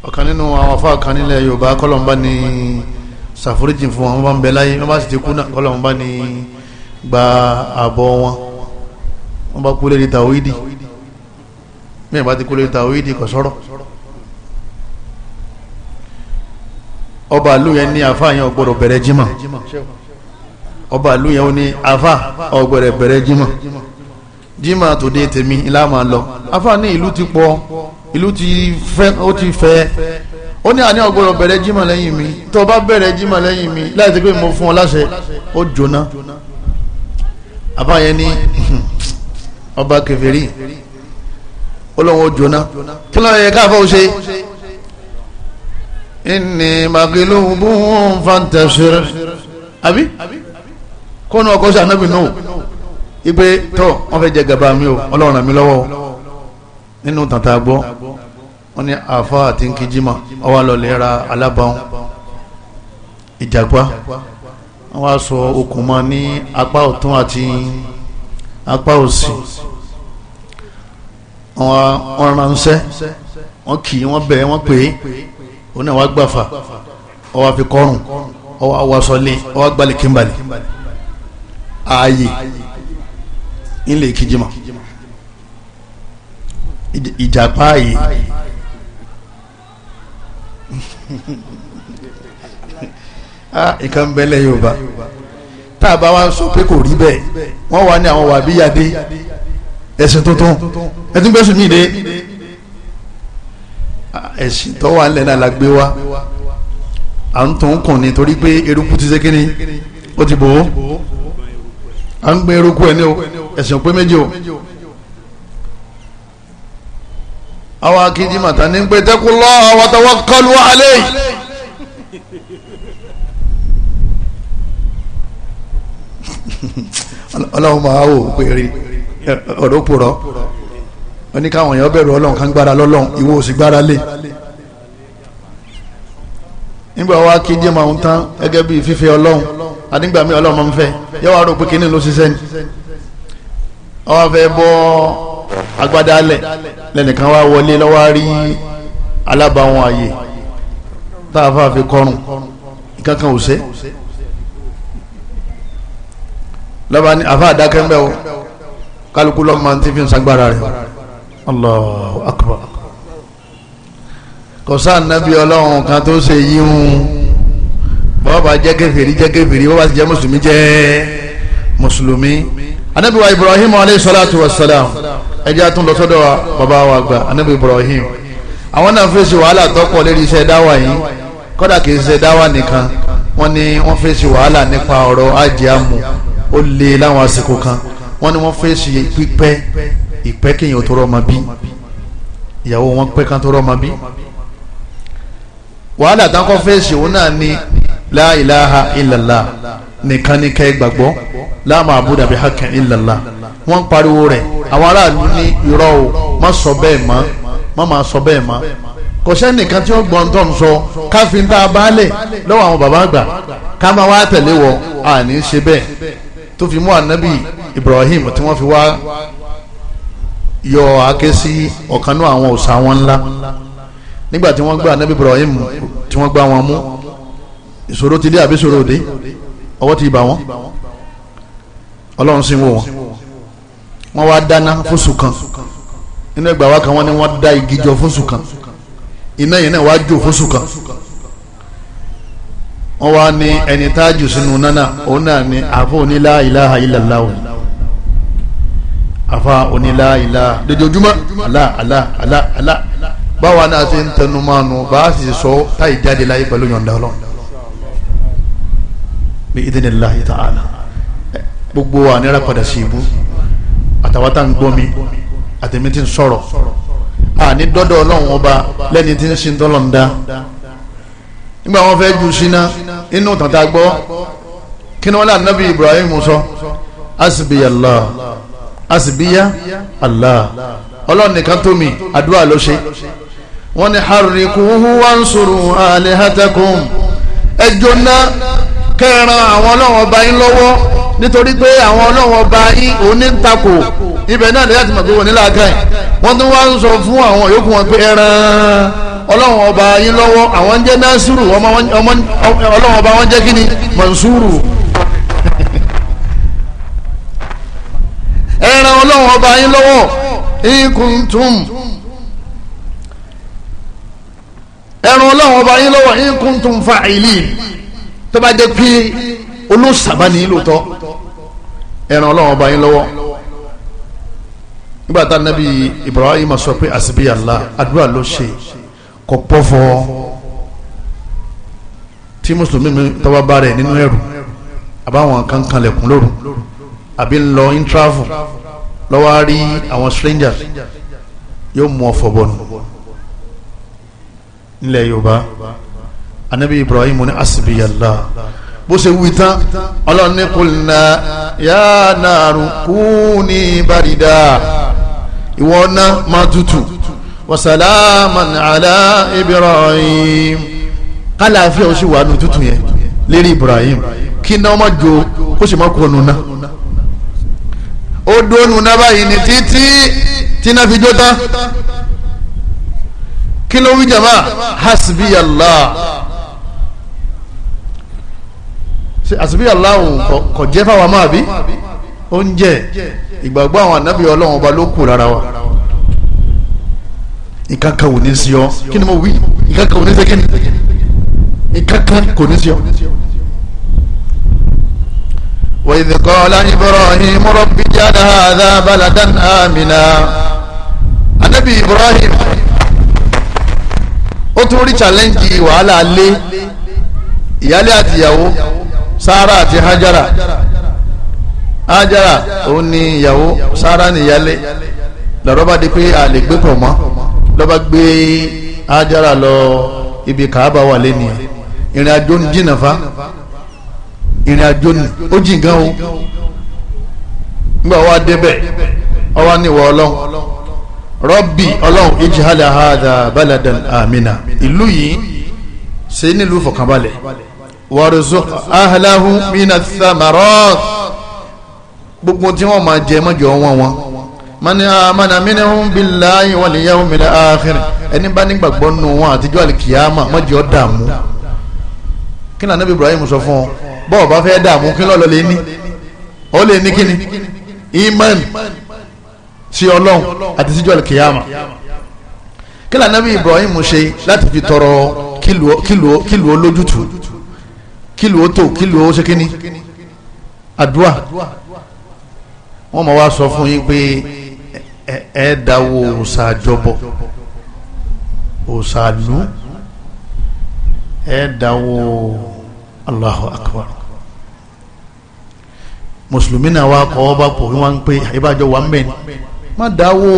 ọ̀kan nínú àwọn afá kan nílẹ̀ Yorùbá kọ́lọ̀mbá ni ṣàforíjì fún wọn bá ń bẹ láyé wọ́n bá sì ti kú náà kọ́lọ̀mbá ni gba àbọ̀ wọn wọ́n bá kú lórí tàwídì mẹ́ẹ̀ bá ti kú lórí tàwídì kò sọ̀rọ̀ ọba àlùyẹn ní àfáàyàn ọgbọ́dọ̀ bẹ̀rẹ̀ jímọ̀ ọba àlùyẹn ó ní àfá ọgbọ́dọ̀ bẹ̀rẹ̀ jímọ̀ jímọ̀ tó dé tèmi ilá máa lọ àfá ní ìlú ti pọ̀ ìlú ti fẹ́ ó ti fẹ́ ó ní àní ọgbọ́dọ̀ bẹ̀rẹ̀ jímọ̀ lẹ́yìn mi tó bá bẹ̀rẹ̀ jímọ̀ lẹ́yìn mi láì ti pé mo fún ọ láṣẹ ó jóná àfáàyẹn ní ọba kèfèrí ó lọ́wọ́ jóná kí ló yẹ káfọ́ ṣe inni magilubun fantasir àbí kónú ọkọ sí anabi nù ipe tó wọn fẹ́ jẹ gàba mi o Ọlọ́run ràn mí lọ́wọ́ nínú tàntà gbọ́ wọn ní àfa àti nkijima ọwọ àlọlẹ ra alábàáwọn ìjàpá wọn wá sọ okùn mọ́ ní apá ọ̀tún àti apá òsì wọn ránṣẹ́ wọn kì í wọn bẹ̀ wọn pè é òun náà wá gbàfà ọwọ́ àfi kọrùn ọwọ́ àwọsọlé ọwọ́ àgbàlẹ̀ kíńbalì ààyè ńlẹ̀ kìjìmọ̀ ìjàpá ààyè ah, nǹkan bẹ́lẹ̀ yorùbá tá a bá wá sọ pé kò rí bẹ́ẹ̀ wọ́n wá ní àwọn wàbíyàdé ẹ̀sìn tuntun ẹ̀sìn gbẹ́sùn mí dé ẹ̀sìn tó wà nílẹ̀ náà la gbé wa à ń tún kùn ní torí pé eruku ti ṣe kíni ó ti bò ó à ń gbé eruku ẹ̀ ní o ẹ̀sìn pé méjì o. àwọn akíjí màtá ní pé taqullah wa tawakkalu alayhi. ọlọ́run máa wò pé rí ọ̀rọ̀ pòrọ̀ wọ́n ní káwọn èèyàn bẹ̀rù ọlọ́run kan gbára lọ́lọ́run ìwọ ò sì gbára lé nígbà wa kí jẹ́ màá ń tán gẹ́gẹ́ bí fífẹ́ ọlọ́run àdígbà mi ọlọ́run máa ń fẹ́ yẹ wàá rò pé kíní ló ṣiṣẹ́ ni wọ́n fẹ́ bọ́ agbádá lẹ̀ lẹ́nìkan wá wọlé lọ́wọ́ rí alábàáwọn àyè tá a fà fi kọrùn nǹkan kan ò ṣe lọ́ba ni àfa àdákẹ́ ń bẹ̀ o kálukú lọ́mọ tí fi ń sagbára rẹ̀ o. Allahu akbar kò sáà nàbí ọlọ́run kan tó ṣe yíhun bọ́ọ̀bà jẹ́ kèfèrí jẹ́ kèfèrí bọ́ọ̀bà sì jẹ́ mùsùlùmí jẹ́ mùsùlùmí anabi wa ibrahim alayhi salatu wa salam ẹjẹ́ àtún lọ́sọ́dọ̀ bàbá wa gba anabi ibrahim àwọn náà fèsì wàhálà tọ́pọ̀ lérí iṣẹ́ dáwà yìí kọ́dà kì í ṣe dáwà nìkan wọ́n ní wọ́n fèsì wàhálà nípa ọ̀rọ̀ ajé amú ó lé láwọn àsìkò kan wọ́n ní wọ́n fèsì pípẹ́ ìpẹ́ kéèyàn tó rọ́ ọmọ bí ìyàwó wọn pẹ́ kan tó rọ́ ọmọ bí wàhálà táwọn fèsì òun náà ni la ilaha illallah nìkan ní kẹ́ gbàgbọ́ la maabuda bi haqqin illallah wọ́n ń pariwo rẹ̀ àwọn aráàlú ní irọ́ o má sọ bẹ́ẹ̀ mọ́ má má sọ bẹ́ẹ̀ mọ́ kò sẹ́nìkan tí ó gbọ́n tó ń sọ káfíń tá a baálẹ̀ lọ́wọ́ àwọn bàbá àgbà ká máa wá tẹ̀lé wọ àní ṣe bẹ́ẹ̀ tó fi mú ànábì Ibrahim tí wọ́n fi wá yọ àáké sí ọ̀kan náà àwọn òòṣà wọn ńlá nígbà tí wọ́n gba anabi Ibrahim tí wọ́n gba wọn mú ìṣòro ti dé àbí ìṣòro òde ọwọ́ ti bà wọ́n ọlọ́run sì ń wò wọ́n wọ́n wá dáná fóṣù kan nínú ẹgbàá wa kan wọ́n ní wọ́n dá igi jọ fóṣù kan iná yẹn náà wá jò fóṣù kan wọ́n wá ní ẹni tá a jù sínú nánà òun náà ní àfọ̀ onílá ilaha illallah afa onílà ila dojoojúmọ́ àlà àlà àlà àlà báwa náà ṣe ń tẹnu máa nù bá a sì sọ táyì jáde láyé pẹ̀lú bi ọlọ́run bí idinilahi ta'ala gbogbo ànírà padà sí ibú àtàwọn tá ń gbọ́ mi àtẹ̀mí tí ń sọ̀rọ̀ àní dọ́dọ̀ ọlọ́run ọba lẹ́ni tí ń sin tọ́lọ̀ ń dá nígbà wọn fẹ́ ju síná inú tàǹtà gbọ́ kí ni wọ́n lé ànábì Ibrahim sọ asibiyallah asibiya allah ọlọ́run nìkan tó mi àdúrà ló ṣe wọ́n ní harikuhu wansuru alihatakum ẹ jóná kẹran àwọn ọlọ́run ọba yín lọ́wọ́ nítorí pé àwọn ọlọ́run ọba yín onítàkò ibẹ̀ náà lè láti mọ̀ pé wọ́n nílá ká ẹ̀ wọ́n tún wá ń sọ fún àwọn yòókù wọn pé ẹran ọlọ́run ọba yín lọ́wọ́ àwọn jẹ́ násùrù ọlọ́run ọba wọn jẹ́ kí ni mansuru ọlọ́run ọba yín lọ́wọ́ ìkùntùm ẹran ọlọ́run ọba yín lọ́wọ́ ìkùntùm fa'ilin tó bá jẹ́ pé olóṣàbá ní lóòótọ́ ẹran ọlọ́run ọba yín lọ́wọ́ nígbà tá nàbí Ibrahim sọ pé àsìbí Allah àdúrà ló ṣe kò pọ̀ fọ́ tí mùsùlùmí mi tọ́wọ́ bá rẹ̀ nínú ẹ̀rù àbáwọn kankan lẹ̀kún lóru àbí ń lọ ń travel lọ́wọ́ rí àwọn strangers yóò mú ọfọ bọ́nu nílẹ̀ yorùbá anabi ibrahim ní asibiyala bó ṣe wí tán ọlọ́run ní kulna ya naru barida ìwọ náà máa tutù wasalaman ala ibrahim kálàáfíà ó sì wà nù tutù yẹn lérí ibrahim kí náà má jo kó sì má kó náà ó dónú náà báyìí ní títí tí náà fi jó tán kí ló wí jama hasbi allah ṣe hasbi allah kò jẹ́ fáwọn máa bí oúnjẹ ìgbàgbọ́ àwọn ànábì ọlọ́run ọba ló kù lára wa ìkankan ò ní sí ọ kí ni mo wí ìkankan ò ní sí kí ni ìkankan kò ní sí ọ. وإذ قال إبراهيم رب اجعل هذا بلدا آمنا النبي إبراهيم ó tún rí challenge wàhálà lé ìyálé àtìyàwó Sárà àti Hajara Hajara òun ni ìyàwó Sárà ni ìyálé lọ́rọ́ bá di pé a lè gbé pọ̀ mọ́ lọ́ba gbé Hajara lọ ibi Kàábà wà lẹ́nìí ìrìn àjò ń jìnnà fa ìrìn àjò ni ó jìn gan o nígbà wa débẹ̀ ọwọ́ ní ìwọ ọlọ́run rọ́bì ọlọ́run ijhala hadha baladan amina ìlú yìí ṣe nílùú fọkànbalẹ̀ warzuq ahlahu mina thamarat gbogbo tí wọ́n máa jẹ mọ́jọ wọn wọn mani amana minhum billahi wal yawmil akhir ẹni bá nígbàgbọ́ nù wọn àtijọ́ àlìkìyàmà mọ́jọ dààmú kí ni ànábì Ibrahim sọ fún ọ bọ́ọ̀ bá fẹ́ dààmú kí lọ́ọ́ lè ní ó lè ní kíni iman sí ọlọ́run àti síjọ́ kìyàmà kí lànà bí Ibrahim ṣe láti fi tọrọ kílù ó lójútùú kílù ó tò kílù ó ṣe kíni àdúà wọ́n mọ̀ wá sọ fún yín pé ẹ dáwọ́ òsàjọbọ òsàlú ẹ dáwọ́ Allahu akbar mùsùlùmí náà wá kọ́ ọba pò wọ́n ń pè ìbájọ́ wà mẹ́ni má dáwó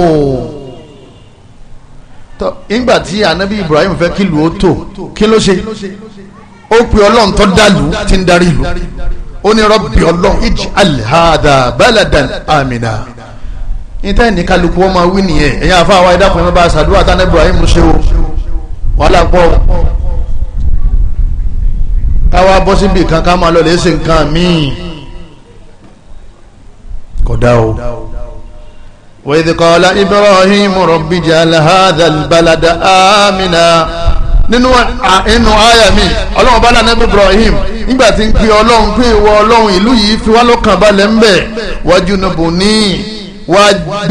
tọ́ ìgbà tí anabi Ibrahim fẹ́ kí lu ó tò kí ló ṣe ó pe ọlọ́run tó dàlú tí ń darí ìlú ó ní rọ́bì ọlọ́run ìjì alhada baladan amina níta ní kálukú wọn máa wí nìyẹn ẹ̀yin àfa àwa ẹ̀dá kan ẹ̀ bá a ṣàdúrà tán Ibrahim ṣe o wàhálà pọ̀ káwá bọ́ síbi kan ká máa lọ lè ṣe nǹkan míì kódà o. وإذ قال إبراهيم رب اجعل هذا البلد آمنا nínú inú àyà mi ọlọ́run bá lànà Ibrahim nígbà tí ń pe ọlọ́run pé ìwọ ọlọ́run ìlú yìí fi wá lọ́kàn balẹ̀ ń bẹ̀ wájú nùbù ní wá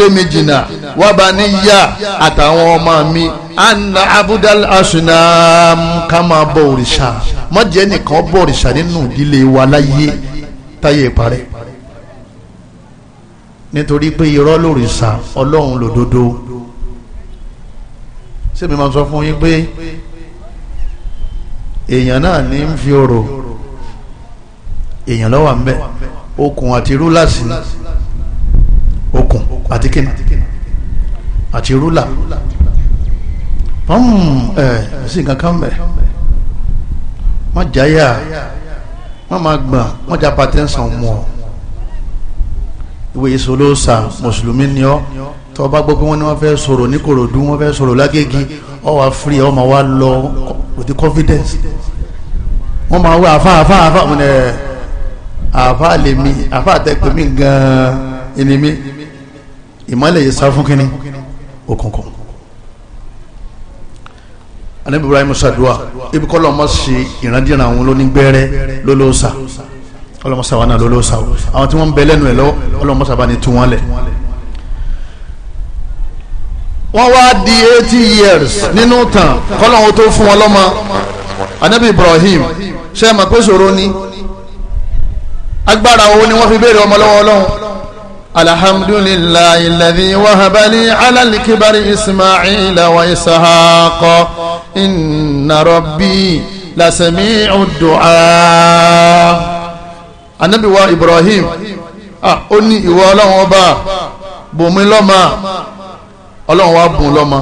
gbé jìnnà wá bá níyà àtàwọn ọmọ mi anna abudal asunam ká máa bọ òrìṣà má jẹ́ nìkan bọ òrìṣà nínú ìdílé wa láyé táyé parẹ́ nítorí pé irọ́ lòrìṣà ọlọ́run lòdodo sẹ́mi máa sọ fún yín pé èèyàn náà ní ń fi orò èèyàn lọ́wọ́ à ń bẹ̀ okùn àti rúlàsì okùn àti kíni àti rúlà pam ẹ eh, sí nǹkan kan bẹ wọn jáyà wọn máa gbọn wọn jà pàtẹ́ǹsán mọ ìwé ìsolóòsà mùsùlùmí ni ọ tó bá gbọ́ pé wọ́n ní wọ́n fẹ́ sọ̀rọ̀ ní Kòròdú wọ́n fẹ́ sọ̀rọ̀ lágégi ọ wà fúri ọ máa wá lọ with the confidence wọ́n máa wá àfa àfa àfa ọ̀hún eh, ẹ̀ àfa lèmi àfa àtẹ̀pẹ̀mí gan-an ẹni mi ìmọ̀lẹ̀ yìí sá fún kínní òkùnkùn anabi ibrahim sadua ibi kọ́ lọ́mọ sí ìrandíran àwọn olónígbẹ́rẹ́ lólóòsà ọlọ́mọsà wà náà lólóòsà o àwọn tí wọ́n ń bẹ lẹ́nu ẹ̀ lọ ọlọ́mọsà bá ní tú wọn lẹ̀. wọ́n wá di eighty years nínú tàn kọ́lọ́hún tó fún wọn lọ́mọ anabi ibrahim ṣe é mọ̀ pé ṣòro ni agbára owó ni wọ́n fi béèrè ọmọ lọ́wọ́ ọlọ́run الحمد لله الذي وهب لي على الكبر إسماعيل وإسحاق إن ربي لسميع الدعاء النبي وإبراهيم ó ní ìwọ ọlọ́run ọba bùnmi lọ́mọ ọlọ́run wa bùn lọ́mọ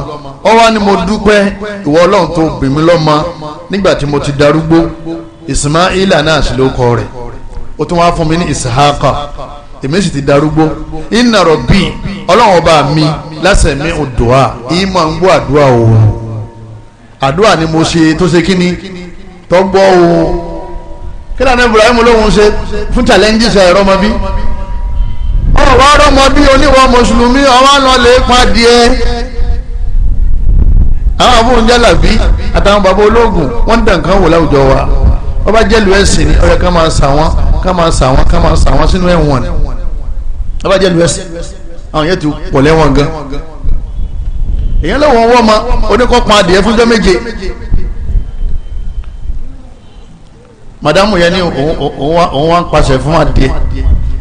ọ wá ní mo dúpẹ́ ìwọ ọlọ́run tó bùn mí lọ́mọ nígbà tí mo ti darúgbó Ismaila náà sì ló kọ rẹ̀ ó tún wá fún mi ní Ishaqa èmi sì ti darúgbó iná rọ̀bì ọlọ́run ọba mi lásẹ̀ mi ò dùà yìí máa ń gbọ́ àdúrà o àdúrà ni mo ṣe tó ṣe kíni tó o kí lóun Ibrahim lóun ṣe fún challenges ẹ̀rọ ọmọ bí ọ̀rọ̀ ọmọ bí oníwọ̀ mùsùlùmí ọwọ́ lọ lè padìẹ àwọn afúnjálàbí àtàwọn bàbá ológun wọ́n dàn kan wò láwùjọ wa ọba jẹ́lu ẹ̀sìn ni ọ̀yọ́ ká máa sà wọ́n ká máa sà ká máa sà sínú ẹ̀wọ̀n ni lọ́ba jẹ́ lùwẹ́sì àwọn yẹn ti pọ̀ lẹ́wọ̀n gan èyàn lọ́wọ́ ọwọ́ ma oníkọ́ pa adìyẹ fúnjọ́ méje madamu yẹn ni òun wá ń pàṣẹ fún adìyẹ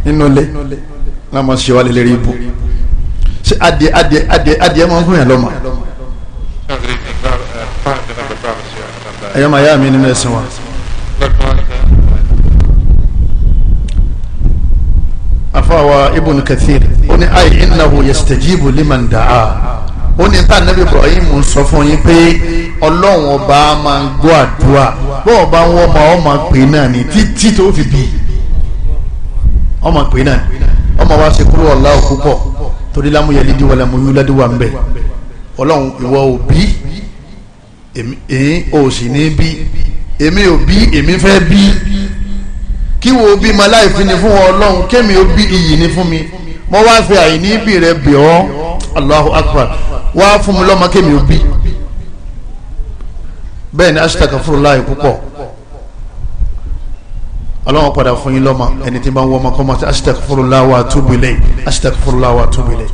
nínú ilé náà mọ̀ ṣe wà lè rí ibò ṣe adìyẹ adìyẹ adìyẹ adìyẹ máa ń fún yàn lọ́mọ. ẹ̀yọ́ màá yá mi nínú ẹ̀sìn wa. afáwa ibn kathir ó ní ayé innahu yastajibu liman da'a ó ní tá nabi ibrahim ń sọ fún yín pé ọlọ́run ọba máa ń gbọ́ àdúrà bọ́ọ̀ bá ń wọ́n ma ọ́ máa pè náà ní títí tó fi bì ọ́ máa pè náà ọ́ máa wá ṣe kúrò ọ̀la òkúpọ̀ torí lámúyẹlí díwọ̀ lámúyẹlí wà ń bẹ̀ ọlọ́run ìwọ òbí èyí ò sì ní bí èmi òbí èmi fẹ́ bí kí wo bí ma láì fi ni fún ọlọ́run kémi ó bí iyì ni fún mi mo wá fi àìní ibi rẹ bì ọ́ Allahu Akbar wá fún mi lọ́mọ kémi ó bí bẹ́ẹ̀ ni aṣítàkà fúru láì púpọ̀ ọlọ́run padà fún yín lọ́mọ ẹni tí bá ń wọ ọmọ kọ́ mọ́ sí aṣítàkà fúru láwà túbìlẹ̀ aṣítàkà fúru láwà túbìlẹ̀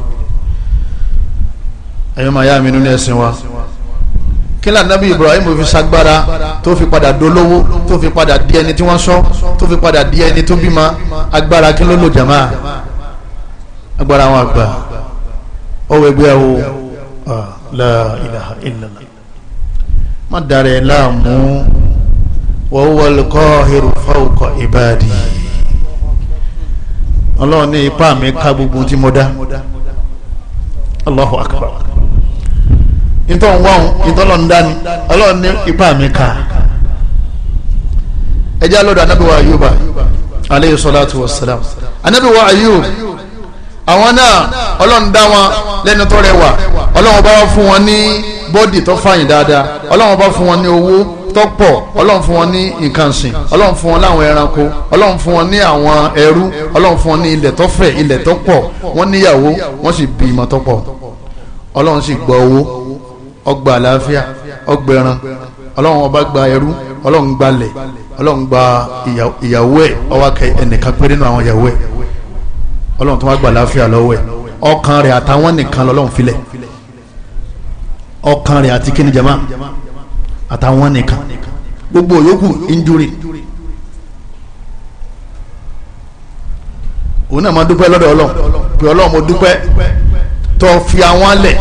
ẹ̀yọ́ máa yá mi nínú ẹ̀sìn wa kílà nàbí Ibrahim fi sagbára tó fi padà dolówó tó fi padà di ẹni tí wọ́n sọ tó fi padà di ẹni tó bímọ agbára kí ló lò jàmá agbára àwọn àgbà ọwọ́ ẹgbẹ́ o la ilaha illallah má darẹ̀ láàmú wa huwal qahiru fawqa ní ipá mi ká gbogbo tí mo dá Allahu akbar ìtọ́ ń wáhùn ìtọ́ lọ́n dání ọlọ́run ní ipá mi ká ẹjẹ́ alọ́dọ̀ anábíwá ayúbà aleyhi salatu wa salam anábíwá ayúb àwọn náà ọlọ́run dá wọn lẹ́nu tó rẹwà ọlọ́run bá fún wọn ní bọ́dì tó fàyìn dáadáa ọlọ́run bá fún wọn ní owó tó pọ̀ ọlọ́run fún wọn ní nǹkan sìn ọlọ́run fún wọn láwọn ẹranko ọlọ́run fún wọn ní àwọn ẹrú ọlọ́run fún wọn ní ilẹ̀ tó fẹ̀ ilẹ̀ tó níyàwó wọ́n sì bí ìmọ̀ tó pọ̀ sì gbọ́ owó ọgbà àlàáfíà ọgbà ẹran ọlọ́run ọba gba ẹrú ọlọ́run gbalẹ̀ ọlọ́run gba ìyàwó ẹ̀ ọwá kẹ ẹnìkan péré nínú àwọn ìyàwó ẹ̀ ọlọ́run tó wá gba àlàáfíà lọ́wọ́ ẹ̀ ọkàn rẹ̀ àtàwọn nìkan lọ́lọ́run filẹ̀ ọkàn rẹ̀ àti kíni jama àtàwọn nìkan gbogbo yòókù injúri òun náà máa dúpẹ́ lọ́dọ̀ ọlọ́run pé ọlọ́run mo dúpẹ́ tó fi àwọn alẹ̀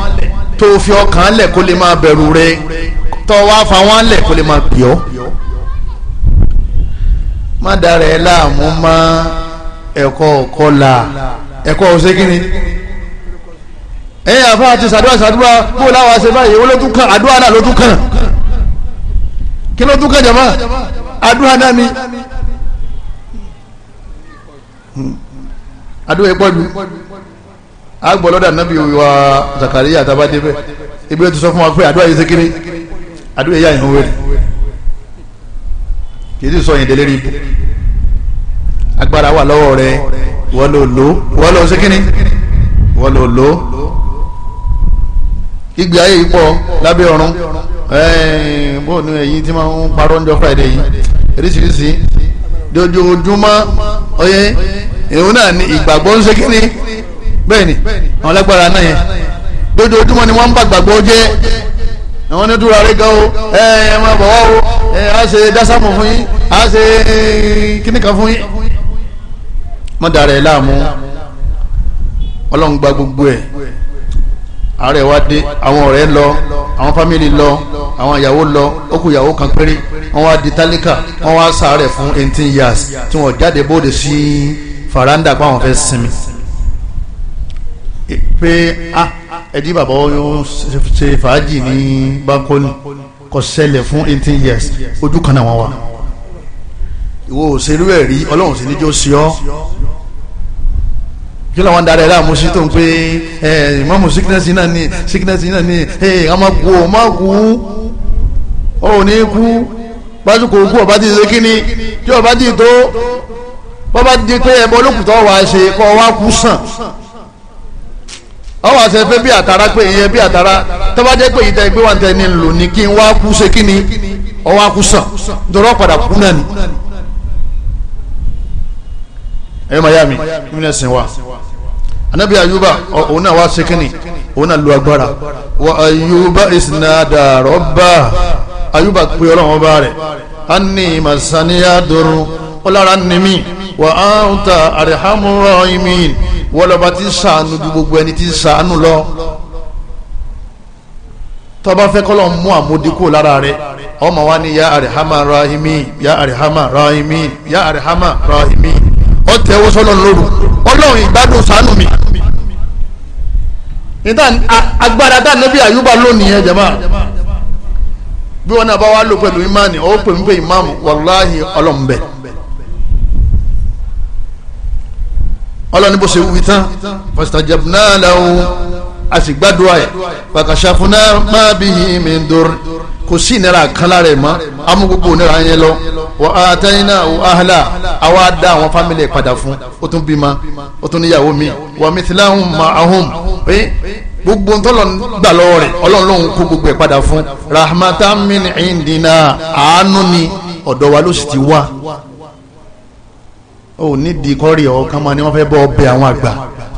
tó fi ọkàn lẹ̀ kó lè máa bẹ̀rù rẹ tó wá fa wọn lẹ̀ kó lè máa bì ọ́ má dára ẹ láàmú má ẹ̀kọ́ kọlà ẹ̀kọ́ òṣèkínni ẹ̀yìn àfa àti sàdúrà sàdúrà bó láwa ṣe báyìí olótú kan àdúrà náà lótú kan kí ló tún kan jàmá àdúrà náà mi hmm. àdúrà ẹ̀pọ̀ mi agbọ̀lọ́dà nàbí wa Zakariya tàbá débẹ̀ ibi tó sọ fún wa pé àdúrà yìí sékiri àdúrà yà ìhun wẹ̀rẹ̀ kì í sì sọ yìí délé rí ipò agbára wà lọ́wọ́ rẹ wọ́n lò lò wọ́n lò sékiri wọ́n lò lò igbe ayé ipò lábẹ́ ọ̀run bóònù ẹ̀yìn tí máa ń parọ́ ọjọ́ Friday yìí oríṣiríṣi dojoojúmọ́ ọyẹ ìhun náà ni ìgbàgbọ́ ń sékiri bẹ́ẹ̀ni àwọn lágbára náà yẹn dojoojúmọ́ ni wọ́n ń bá gbàgbọ́ jẹ́ àwọn ní dúró àríga o ẹ ẹ máa bọ̀ wá o ẹ á ṣe dásámù fún yín á ṣe kíníkan fún yín mọ́ dàrẹ́ ẹ̀ láàmú ọlọ́run gba gbogbo ẹ̀ ààrẹ wa dé àwọn ọ̀rẹ́ lọ àwọn fámìlì lọ àwọn ìyàwó lọ ó kù ìyàwó kan péré wọ́n wá di tálíkà wọ́n wá ṣàárẹ̀ fún eighteen years tí wọ́n jáde bóde sí faranda pé àwọn fẹ́ sinmi pé ah, ẹdí bàbá yóò ṣe fàájì ní bankoni kò ṣẹlẹ̀ fún eighteen years ojú kan náà wọ́n wà ìwọ òṣèlú ẹ̀ rí ọlọ́run sì níjó sí ọ́ kí làwọn darí ẹ̀ láàmú sí tó ń pé ẹ̀ ìmọ̀mù sickness náà ni sickness náà ni ẹ̀ ọmọ kú ọmọ kú ọ ò ní kú pásítọ̀ òkú ọba ti ṣe kíni tí ọba ti tó bọ́ba ti di pé ẹ̀bọ olókùtọ̀ wàá ṣe kọ́ wa kú sàn ọwọ́ àṣẹ pé bí àtàrà pé ìyẹn bí àtàrà tó bá jẹ́ pé ìta ẹgbẹ́ wa ń tẹ́ ni lò ní kí n wá kú ṣe kí ni ọwọ́ akú sàn dọ̀rọ̀ padà kú náà ni. ẹ̀yin mayami mímúlẹ̀ sìn wa anabi ayuba òun náà wá ṣe kí ni òun náà lo agbára wa ayuba isnada rọba ayuba pe ọlọ́run ọba rẹ̀ anni masaniya doro ni nimi wa anta arihamu rahimin wọ́n lọ́ba ti sànù ju gbogbo ẹni ti sànù lọ tọ́ba fẹ́ kọ́ mú àmódíkù lára rẹ̀ ọmọ wa ni ya arihama rahimi ya arihama rahimi ya arihama rahimi ọ tẹ́wọ́ sọ́lọ́n lóru ọlọ́run ìgbádùn sànù mi ìtàn agbára tá nàbí àyùbá lónìí yẹn jama bí wọn náà bá wà lò pẹ̀lú imáàni ó pè ń pè imáàmù wàláhì ọlọ́mbẹ́. ọlọ́ni bó ṣe wí tán fastajabna lahu a sì gbàdúrà ẹ̀ fakashafna ma bihi min dur kò sí ìnira kan lára ẹ̀ mọ́ amú gbogbo ìnira yẹn lọ wa ataynahu ahla àwa dá àwọn fámìlì padà fún ó tún bímọ ó tún níyàwó mi wa mithlahum ma'ahum gbogbo ntọ́lọ̀ gbà lọ́wọ́ rẹ̀ ọlọ́run kó gbogbo ẹ̀ padà fún rahmatan min indina àánú ni ọ̀dọ̀ wa ló sì ti wá ò nídìí kọ́rì ọ̀ kan máa ní wọ́n fẹ́ bọ́ ọbẹ̀ àwọn àgbà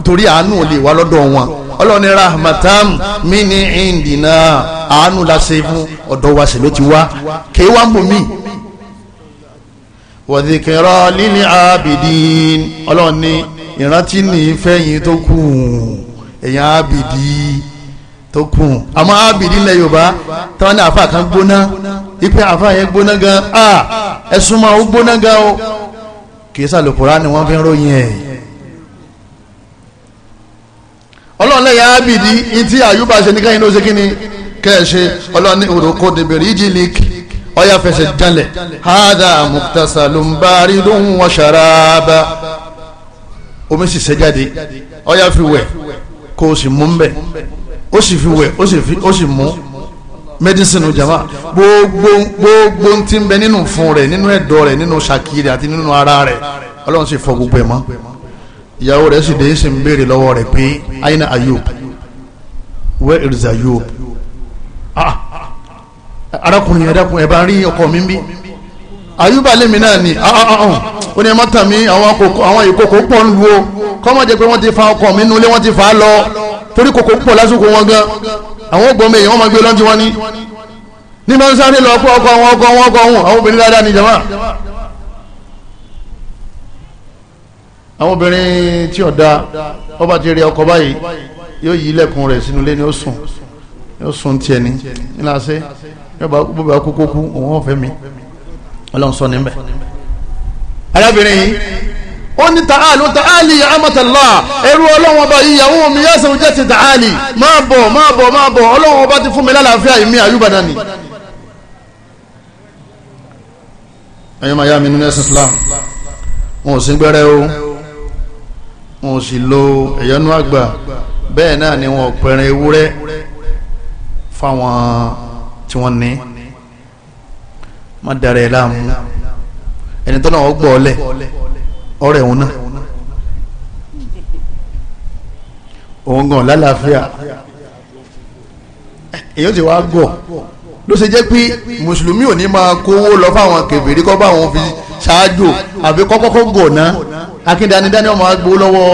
torí àánú lè wá lọ́dọ̀ wọn ọlọ́ni rahmatam mi ní indina àánú la ṣe fún ọ̀dọ̀ wa sì ló ti wá kí wá ń bò mí. wọ̀dìkìrọ̀ lílì abidin ọlọ́ni ìrántí ní fẹ́yìn tó kù èèyàn abidi tó kù àmọ́ abidi ilẹ̀ yorùbá táwọn ní àfa kan gbóná ipe àfa yẹn gbóná gan a ah, ẹ̀sùn máa ó gbóná gan o kì í sàlùkùrá ni wọ́n fi ń ròyìn ẹ̀ ọlọ́run lẹ́yìn ábìdí ní tí àyùbá ṣe ní káyìn ló ṣe kí ni kẹ́ẹ̀ṣe ọlọ́run ní òròkó dèbèrè ìjìlik ọyá fẹsẹ̀ janlẹ̀ hádà muktasalun baridun wa sharaba omi sì ṣẹ́ jáde ọyá fi wẹ̀ kó o sì mú ń bẹ̀ ó sì fi wẹ̀ ó sì mú medicine jama gbogbo gbogbo ti ń bẹ nínú fún rẹ nínú ẹ̀dọ̀ rẹ nínú ṣàkiri àti nínú ara rẹ Ọlọ́run sì fọ gbogbo ẹ mọ́ ìyàwó rẹ sì dé sì ń béèrè lọ́wọ́ rẹ pé aina Ayub where is Ayub ah arákùnrin ẹdákùnrin ẹ bá rí ọkọ mi bí Ayuba lèmi náà ni ah, ah, ah, ó ní ẹ má tàn mí àwọn ìkókó pọ̀ ń lu o kọ́mọ̀jẹ́ pé wọ́n ti fa ọkọ mi nulẹ̀ wọ́n ti fa lọ torí kòkó púpọ̀ lásìkò wọn gan àwọn ògbọ́n mẹ́yìn wọ́n máa gbé lọ́njú wọn ní ní máa ń sáré lọ fún ọkọ wọn ọkọ wọn ọkọ wọn àwọn obìnrin dáadáa ní jama àwọn obìnrin tí ọ̀dà ọba ti rí ọkọ báyìí yóò yí ilẹ̀kùn rẹ̀ sínú ilé ni ó sùn yóò sùn tiẹ̀ ní níláṣẹ́ yóò bá bóbá kókó kú òun ọ̀fẹ́ mi ọlọ́run sọ níbẹ̀ arábìnrin yìí ó ní ta'ali ta'ali ya amatallah ẹrú ọlọ́wọ́n ọba yìí ìyàwó mi yá sẹ́wọ́n jẹ́ ti ta'ali máa bọ̀ máa bọ̀ máa bọ̀ ọlọ́wọ́n ọba ti fún mi lálàáfíà ìmí àyùbá dání. ẹ̀yin máa yá mi nínú ẹ̀sìn Islam wọn ò sí gbẹ́rẹ́ o wọn ò sì lo ẹ̀yẹ́nú àgbà bẹ́ẹ̀ náà ni wọn ò pẹ̀rẹ̀ ewúrẹ́ fáwọn tí wọ́n ní má darẹ̀ láàmú ẹni tó náà wọ́n gbọ́ ọ lẹ̀ ọ̀rẹ́ òun náà òun gan lálàáfíà èyí ti wá gọ̀ ló ṣe jẹ́ pé mùsùlùmí ò ní máa kówó lọ fáwọn kèfèrí kọ́ bá wọn fi ṣáájò àbí kọ́kọ́kọ́ gọ̀ náà akíndanidani ọmọ agbó lọ́wọ́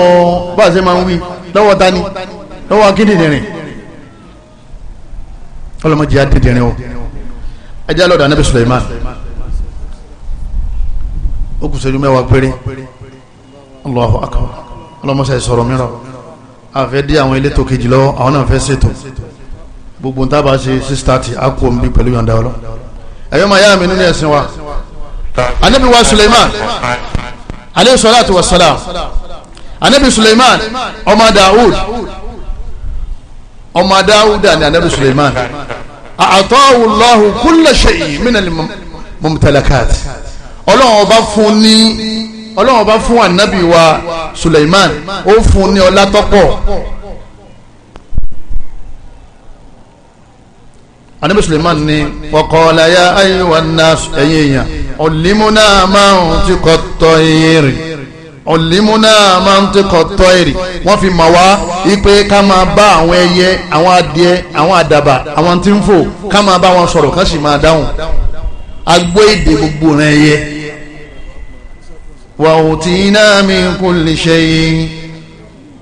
bá a ṣe máa ń wí lọ́wọ́ tani lọ́wọ́ akíndìnrín ọlọ́mọdé adídìrín o ẹjẹ́ lọ́dọ̀ anábì Suleiman ó kù sẹ́jú mẹ́wàá péré Allahu akbar ọlọ́mọṣẹ́ sọ̀rọ̀ mìíràn àfẹ́ dí àwọn elétò kejì lọ́wọ́ àwọn náà fẹ́ ṣètò gbogbo ń tábà ṣe six thirty akó omi pẹ̀lú yọ̀ǹda ọlọ́ ẹ̀yọ́ máa yára mi nínú ẹ̀sìn wa anabi wa Suleiman aleyhi salatu wa salam anabi Suleiman ọmọ Daud ọmọ Dauda ni anabi Suleiman àtọ́wò lọ́hùn kúlẹ̀ ṣe yìí mí nà ní mọ̀mútàlákàtì ọlọ́run ọba fún ní ọlọ́run bá fún ànábì wa Suleiman ó fún ní ọlá tọ́pọ̀ ànábì Suleiman ní ọkọọlá ya ayéwà náà ẹ̀yìn èèyàn ọ̀límúná máa ń ti kọ́ tọ́ eré ọ̀límúná máa ń ti kọ́ tọ́ eré wọ́n fi mọ̀ wá wípé ká máa bá àwọn ẹyẹ àwọn adìẹ àwọn àdàbà àwọn tí ń fò ká máa bá wọn sọ̀rọ̀ ká sì máa dáhùn agbó gbogbo rẹ̀ yẹ wàhùtìínà mi kò lè ṣe yìí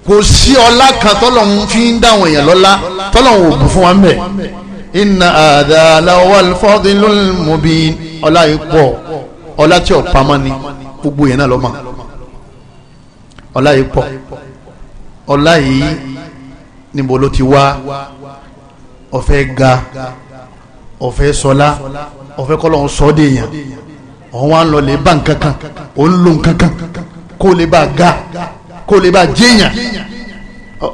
kò sí ọlá kan tọ́lọ́hún fi ń dáwọn èèyàn lọ́lá tọ́lọ́hún ò bù fún wa ń bẹ̀ inna àdá aláwọ̀ alifọ́dínló mọ̀bí ọlá yìí pọ̀ ọlá tí ò pamọ́ ni gbogbo yẹn náà lọ́mọ ọlá yìí pọ̀ ọlá yìí níbo ló ti wá ọ̀fẹ́ ga ọ̀fẹ́ sọlá ọ̀fẹ́ kọ́lọ́hún sọ́dẹ̀yàn òun wá ń lọ lè bá nǹkan kan òun lo nǹkan kó lè bá ga kó lè bá jéèyàn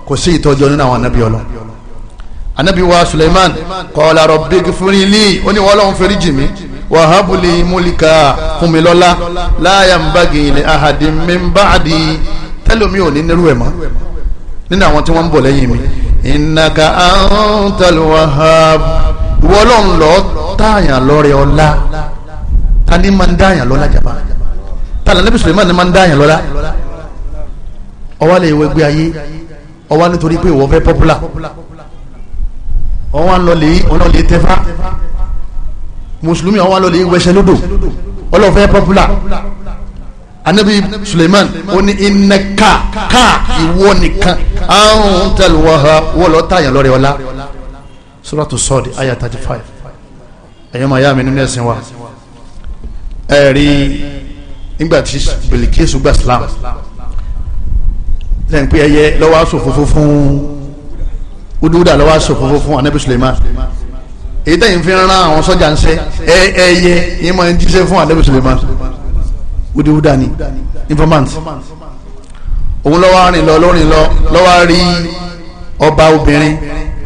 kò sí ìtọ́jú nínú àwọn anábì ọlọ anábì wa Suleiman qala rabbi gfiri li ó ní wọ́n lọ́wọ́ fẹ́rí jì mí wàhábùlì múlíkà fún mi lọ́lá láyà ń bági ilẹ̀ ahàdì mi ń bá àdì tẹ́lómi ò ní nírú ẹ̀ mọ́ nínú àwọn tí wọ́n ń bọ̀ lẹ́yìn mi ìnàkà antal wahhab ìwọ́lọ́run lọ́ọ́ tààyàn lọ́rẹ̀ ọlá ta ni máa ń dá àyàn lọ́lá jàmbá ta lànà bí Suleiman ni máa ń dá àyàn lọ́lá ọwọ́ lè wọ ẹgbẹ́ ayé ọwọ́ nítorí pé ìwọ fẹ́ pọ́pùlà ọwọ́ ń lọ lè ọ̀nà lè tẹ́fà mùsùlùmí ọwọ́ lọ lè wẹsẹ̀ anabi Suleiman ó ní iná ká ká ìwọ nìkan àrùn tẹluwọ ha wọlọ táyà lọrẹ ọlá suratu sọọdi ayat thirty five ẹ̀yọ́ màá yá mi wa ẹ̀rí nígbà tí Bilikisu gba Islam lẹ́yìn pé ẹyẹ lọ́wọ́ aṣòfófó fún udúdà lọ́wọ́ aṣòfófó fún anabi Suleiman èyí tẹ̀yìn fi rán àwọn sọ́jà ń sẹ́ ẹyẹ yìí máa ń jíṣẹ́ fún anabi Suleiman udúdà ni informant òun lọ́wọ́ rìn lọ lórin lọ lọ́wọ́ rí ọba obìnrin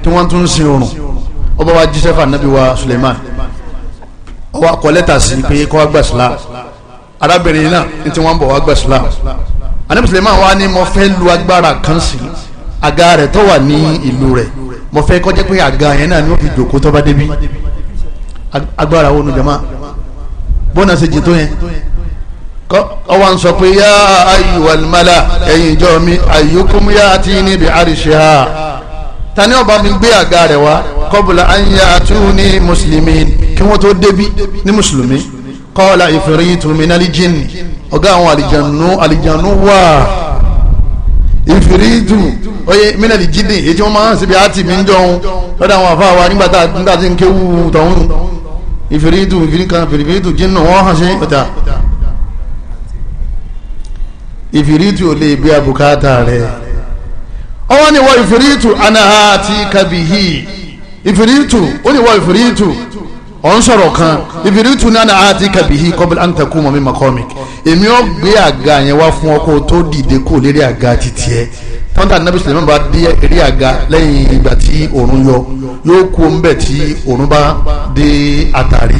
tí wọ́n tún ń sin oòrùn ọba wa jíṣẹ́ fún anabi wa Suleiman ọwọ́ akọ lẹ́tà sí pé kọ́ wá gbà sílá arábìnrin náà ní tí wọ́n ń bọ̀ wá gbà sílá anabi suleiman wa ni mo fẹ́ lu agbára kan sí àga rẹ̀ tó wà ní ìlú rẹ̀ mo fẹ́ kó pé àga yẹn náà ni wọ́n fi jòkó tó bá débi agbára wo nu bọ́nà ṣe jìtó yẹn ọwọ́ ń sọ pé yá ayyuhal mala ẹ̀yin ìjọ mi ayyukum yá àti níbi àríṣẹ́ ha tani ọba mi gbé àga rẹ̀ wá kọbùlà anya àtúni mùsùlùmí kí wọ́n tó débi ní mùsùlùmí kọ́ọ̀lá ifiritu minal jinn ọ̀gá àwọn àlìjànú àlìjànú wà ìfìrìtù oye minal jinn èyí tí wọ́n máa ń síbi àti mi ń jọun lọ́dọ̀ àwọn àfa wa nígbà tá a ti ń kéwu tọ̀hún ìfìrìtù ìfìrìkan ìfìrìtù jinnu wọ́n hàn sí ọ̀tà ìfìrìtù ò lè bí abùkátà rẹ̀ ọwọ́ ni wọ́n ìfìrìtù anaha ti kabihi ìfìrìtù ó ní wọ́n ìfìrìtù ọ̀n sọ̀rọ̀ kan ìfìrìtù ní anaha ti kabihi kọ́bílì àǹtakù mọ̀mí makomic èmi ò gbé àga yẹn wá fún ọkọ tó dìde kó lérí àga títí ẹ tọ́ńtà nàbí sèlémà bá dé eré àga lẹ́yìn ìgbà tí òòrùn yọ yóò kó ń tí òòrùn bá dé àtàrí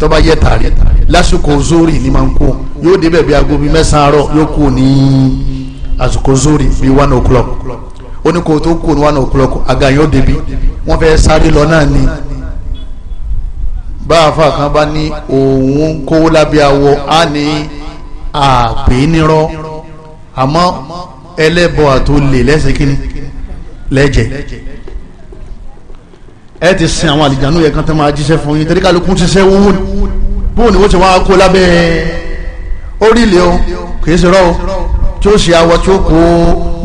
tó yẹ tàrí lásìkò zori ni máa ń kó yóò débẹ̀ bí aago bíi mẹ́sàn-án àsìkò zori bíi one o'clock ó ní kó tó kó ní one o'clock àga débi wọ́n fẹ́ sáré lọ náà ni báàfà kan bá ní òun kówó lábẹ́ awọ á ní àpè nírọ́ àmọ́ ẹlẹ́bọ àtò lè lẹ́sẹ̀ kínní lẹ́jẹ̀ ẹ ti sin àwọn àlìjánu yẹn kan tó máa jíṣẹ́ fún yín torí kálukú ti ṣe wúwo bóun ni wọ́n ti wá kó lábẹ́ orílẹ̀ o kìí ṣe rọ́ o tí ó ṣe awọ tí ó kó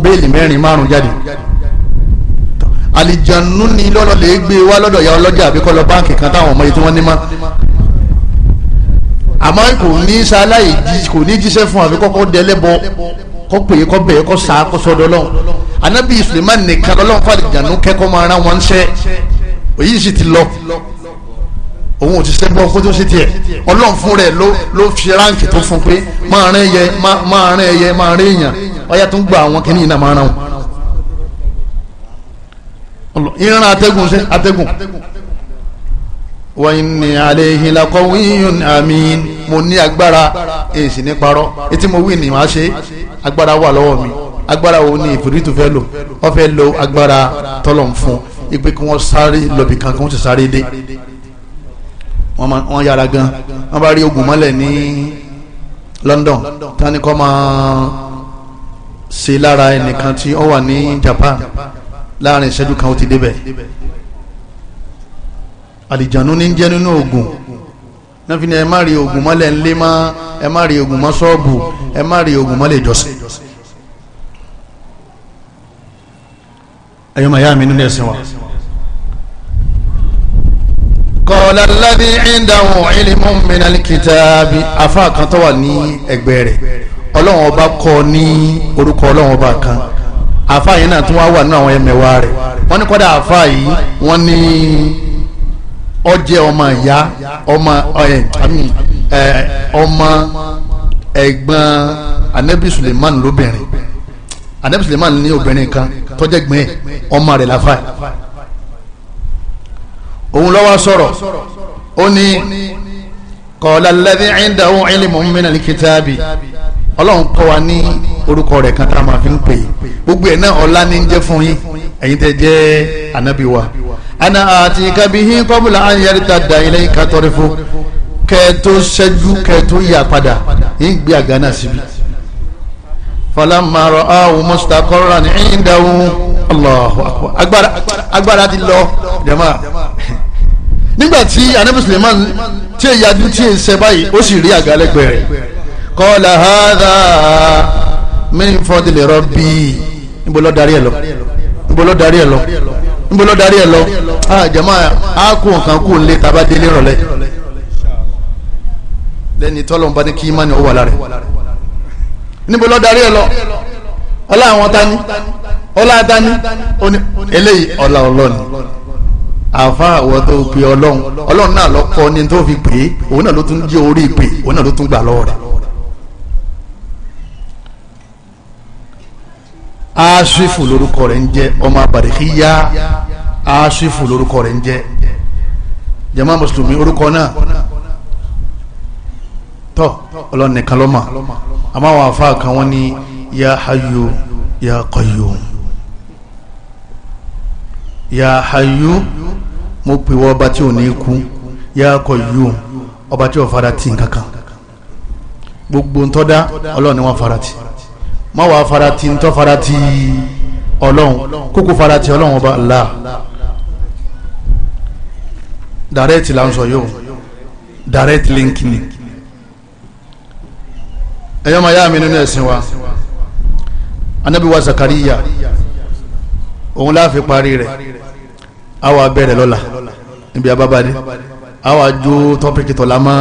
béèlì mẹ́rin márùn jáde àlìjànú ni lọ́lọ́ lè gbé wá lọ́dọ̀ ya ọlọ́jà àbí kọ́ lọ báǹkì kan táwọn ọmọ yìí tí wọ́n ní mọ́ àmọ́ kò ní sáláì kò ní jíṣẹ́ fún àfi kọ́kọ́ dẹ́lẹ́bọ kọ́ pè é kọ́ bẹ̀ẹ́ kọ́ sá kọ́ sọ́dọ̀ lọ́hùn anábì Suleiman nìkan lọ́lọ́run fàlìjànú kẹ́kọ̀ọ́ máa rán wọn ṣẹ́ èyí sì ti lọ òun ò ti sẹ́gbọ́ kó tó ṣe tiẹ̀ ọlọ́run fún rẹ̀ ló ló fi ráǹkì tó fún pé máa rán ẹyẹ máa rán ẹyẹ máa rán èèyàn ọyá tó ń gba àwọn kìíní iná máa rán wọn. ìran atẹ́gùn ṣe atẹ́gùn. wa inni alayhi laqawiyyun amin mo ní agbára èsì ní parọ́ etí mo wí ni màá ṣe agbára wà lọ́wọ́ mi agbára wo ni ìfòrítù fẹ́ lò wọ́n fẹ́ lo agbára tọ́lọ̀ fún ipe kí wọ́n sáré lọ́bì kan kí wọ́n ti sáré dé wọ́n yára gan wọ́n bá rí ogun mọ́lẹ̀ ní London tani kọ́ máa ṣe lára ẹnìkan tí ó wà ní Japan láàrin ìṣẹ́jú kan ó ti débẹ̀ àlìjànú ní jẹ́ nínú ogun náà fi ni ẹ má rí ogun mọ́lẹ̀ ńlé má ẹ má rí ogun mọ́ ṣọ́ọ̀bù ẹ má rí ogun mọ́lẹ̀ ìjọsìn. ẹ̀yọ́ màá yá mi nínú ẹ̀sìn wa kọ́ọ̀lá lábí ìdáhùn ìlímù mìíràn kìtàbí afá kan tó wà ní ẹgbẹ́ rẹ̀ ọlọ́run ọba kọ ní orúkọ ọlọ́run ọba kan afá yìí náà tún wá wà nínú àwọn ẹmẹ̀wá rẹ̀ wọ́n ní kọ́dà afá yìí wọ́n ní ọjẹ́ ọmọ ìyá ọmọ eh, eh, ọmọ ẹ̀gbọ́n anabi suleiman lóbìnrin anabi suleiman ní obìnrin kan tọ́jẹ́gbẹ́ ọmọ rẹ̀ láfáà òun lọ́wọ́ sọ̀rọ̀ ó ní kọ̀ọ̀lá lẹ́dí ẹ̀ńdáwó ẹ̀lìmọ̀ mìíràn ní kìtàbí ọlọ́run kọ́ wa ní orúkọ rẹ̀ kan tá a máa fi ń pè é gbogbo ẹ̀ náà ọlá ní jẹ́ fún yín ẹ̀yin tẹ́ jẹ́ ànábì wa ana àti kábíyí kọ́bùlà ayẹ̀rìtà dà ilẹ̀ ìkàtọ́rẹ́ fún kẹ́ẹ̀tọ́ ṣẹ́jú kẹ́ẹ̀tọ́ yà padà yín gbé àga náà síbi falamaro awo mustakora ní ẹ̀ńdáwó Allahu agbára ti lọ jama nígbà tí anabi suleiman tí èyí adu tí èyí sẹ báyìí ó sì rí àga lẹ́gbẹ̀ẹ́ rẹ̀ kọ́lá hádà min fadli rabbi níbo ló darí lọ níbo ló darí lọ níbo ló darí lọ ah jama a kó nǹkan kó lé taba délé rọlẹ́ lẹ́ni tọ́lọ̀ ń bá ní kí imáni ó wà lára níbo ló darí lọ ọlá àwọn tani ọlá tani eléyìí ọlá ọlọ́ni àfa àwọn tó pe ọlọ́run ọlọ́run náà lọ kọ́ ni tó fi pè é òun náà ló tún jẹ́ orí pè òun náà ló tún gbà lọ́wọ́ rẹ̀. aṣífù lórúkọ rẹ̀ ń jẹ́ ọmọ abàdìkíyá aṣífù lórúkọ rẹ̀ ń jẹ́ jama mùsùlùmí orúkọ náà tọ́ ọlọ́run nìkan lọ́mọ àmọ́ àwọn àfa kan wọ́n ní ya hayyu ya qayyum ya hayyu mo pè wọ́n ọba tí ò ní kú yá kọ yìí ọba tí ò fara tì kankan gbogbo ntọ́dá ọlọ́run ni wọ́n fara tì má wàá fara tì ntọ́ fara tì ọlọ́run kókó fara tì ọlọ́run ọba là direct la ń sọ yóò direct link ni ẹ̀yọ́ máa yá mi nínú ẹ̀sìn wa anabi zakariya òun láàfin parí rẹ̀ a wà bẹ̀rẹ̀ lọ́la níbi abábádé a wà jó tọ́pìkì tọ́lá mọ́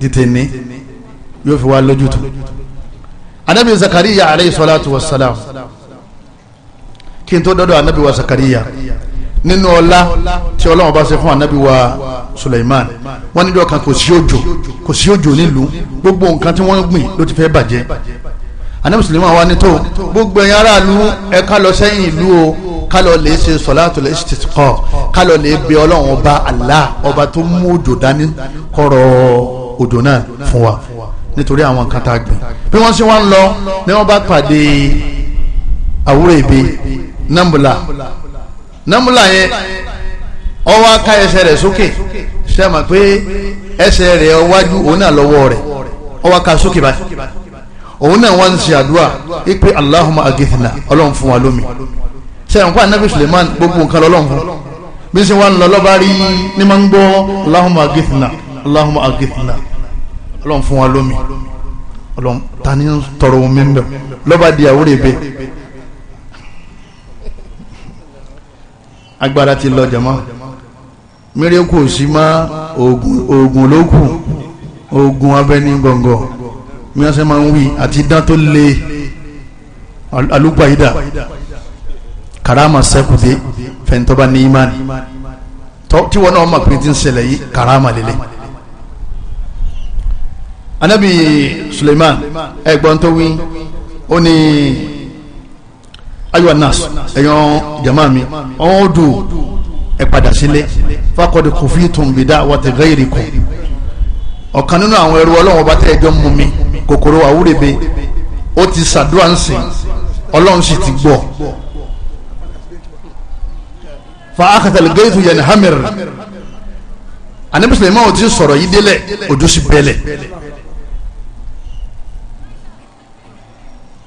títí ní yóò fi wá lójútu anabi zakariya aleyhi salatu wa salam kí n anabi wa zakariya Ninu ọlá tí ọlọ́run bá ṣe fún anabi wa suleiman wọ́n níjọ́ kan kò sí òjò kò sí òjò nílùú gbogbo nǹkan tí wọ́n gbìn ló ti fẹ́ bàjẹ́ anabi suleiman wa ni tó gbogbo ẹ̀yin aráàlú ẹ ká lọ sẹ́yìn ìlú o ká lọ lè ṣe sọláàtul istisqa ká lọ lè bẹ ọlọ́run ọba Allah ọba tó mú òjò dání kọ̀rọ̀ òjò náà fún wa nítorí àwọn nǹkan tá a gbìn bí wọ́n ṣe wá ń lọ ni wọ́n bá pàdé àwúrò ìbí nàmbùlà nàmbùlà yẹn ọwọ́ aká ẹsẹ̀ rẹ̀ sókè ṣe é mà pé ẹsẹ̀ rẹ̀ ọwájú òun náà lọ́wọ́ rẹ̀ ọwọ́ aká sókè báyìí òun náà wọ́n ń ṣe àdúrà ipe Allahumma agithina ọlọ́run fún wa lómi sẹ́yìn fún anabi Suleiman gbogbo nǹkan lọ́lọ́run fún bí sẹ́ wà ń lọ lọ́ba rí ní máa ń gbọ́ Allahumma agithina Allahumma agithina ọlọ́run fún wa lómi ọlọ́run ta ni tọrọ omi ń lọ́ba di àwúrẹ́ bẹ́ẹ̀ agbára ti lọ jẹmọ́ mírẹ́kù sí má oògùn ló oògùn abẹ́ni gbọ̀ngàn mi wọn sẹ máa ń wí àti le alúgbàyídà karama sẹkùdé fẹntọba ní imani tí wọn náà mọ̀ pé ti ń ṣẹlẹ̀ yìí karama lele anabi suleiman ẹ̀gbọ́n tó wí ó ní ayiwa nas ẹyàn jama mi ọ̀hún dùn ẹ padà sílé fakọ̀dé kò fi tún bìdá wàtí gẹ́yìrì kù ọ̀kan nínú àwọn ẹrú ọlọ́wọ́n bá tẹ́ ẹjọ́ mú kòkòrò àwúrèbe ó ti ṣàdúrà ń sìn ọlọ́run sì ti gbọ́ fa akatal gaitu yan hamir anabisalayi maa o ti sọ̀rọ̀ yìí délẹ̀ ojú sì bẹ́lẹ̀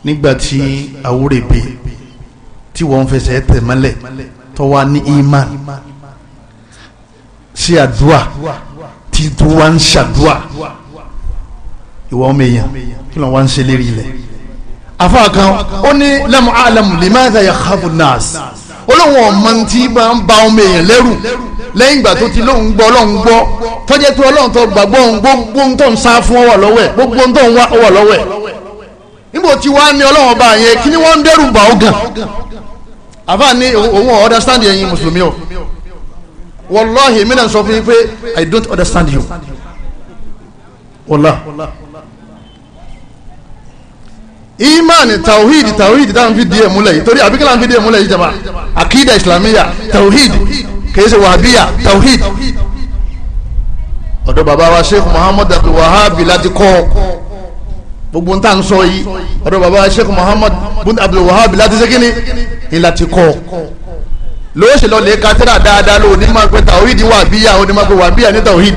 nígbàtí àwúrèbe tí wọ́n fẹsẹ̀ tẹ̀ mọ́lẹ̀ tó wà ní iman sí àdúà tí tó wà ìwọ ọmọ èèyàn kí ló wá ń ṣe lérí ilẹ̀ afa kan ó ní lamu alamu limaza ya khafu nas olóhùn ọmọ tí bá ń ba ọmọ èèyàn lẹ́rù lẹ́yìn ìgbà tó ti lóhùn gbọ́ ọlọ́hùn gbọ́ tọ́jẹ́ pé ọlọ́hùn tó gbàgbọ́ ohun gbogbo ohun tó ń sá fún ọwọ́ lọ́wọ́ ẹ̀ gbogbo ohun tó ń wá ọwọ́ lọ́wọ́ ẹ̀ níbo tí wàá ní ọlọ́hùn ọba yẹn kí ni wọ́n ń dẹ́rù bà ó gan afa ni òun ò understand ẹ̀yin mùsùlùmí o wallahi mi náà sọ fún yín pé i don't understand you wallahi. Iman, tawhid tawhid táwọn fi di èmúlẹ̀ yìí torí àbíkẹ́ láwọn fi di èmúlẹ̀ yìí jama akida islamiya tawhid kìí ṣe tawhid ọ̀dọ̀ bàbá wa sheikh muhammad abdul wahab láti kọ́ gbogbo ń tà ń sọ yìí ọ̀dọ̀ bàbá sheikh muhammad abdul wahab láti ṣe kíni ìlàtí kọ́ lóṣèlú lè ka tẹ́lá dáadáa lóòní máa pẹ́ tawhid wàhábíyà òní máa pẹ́ wàhábíyà ní tawhid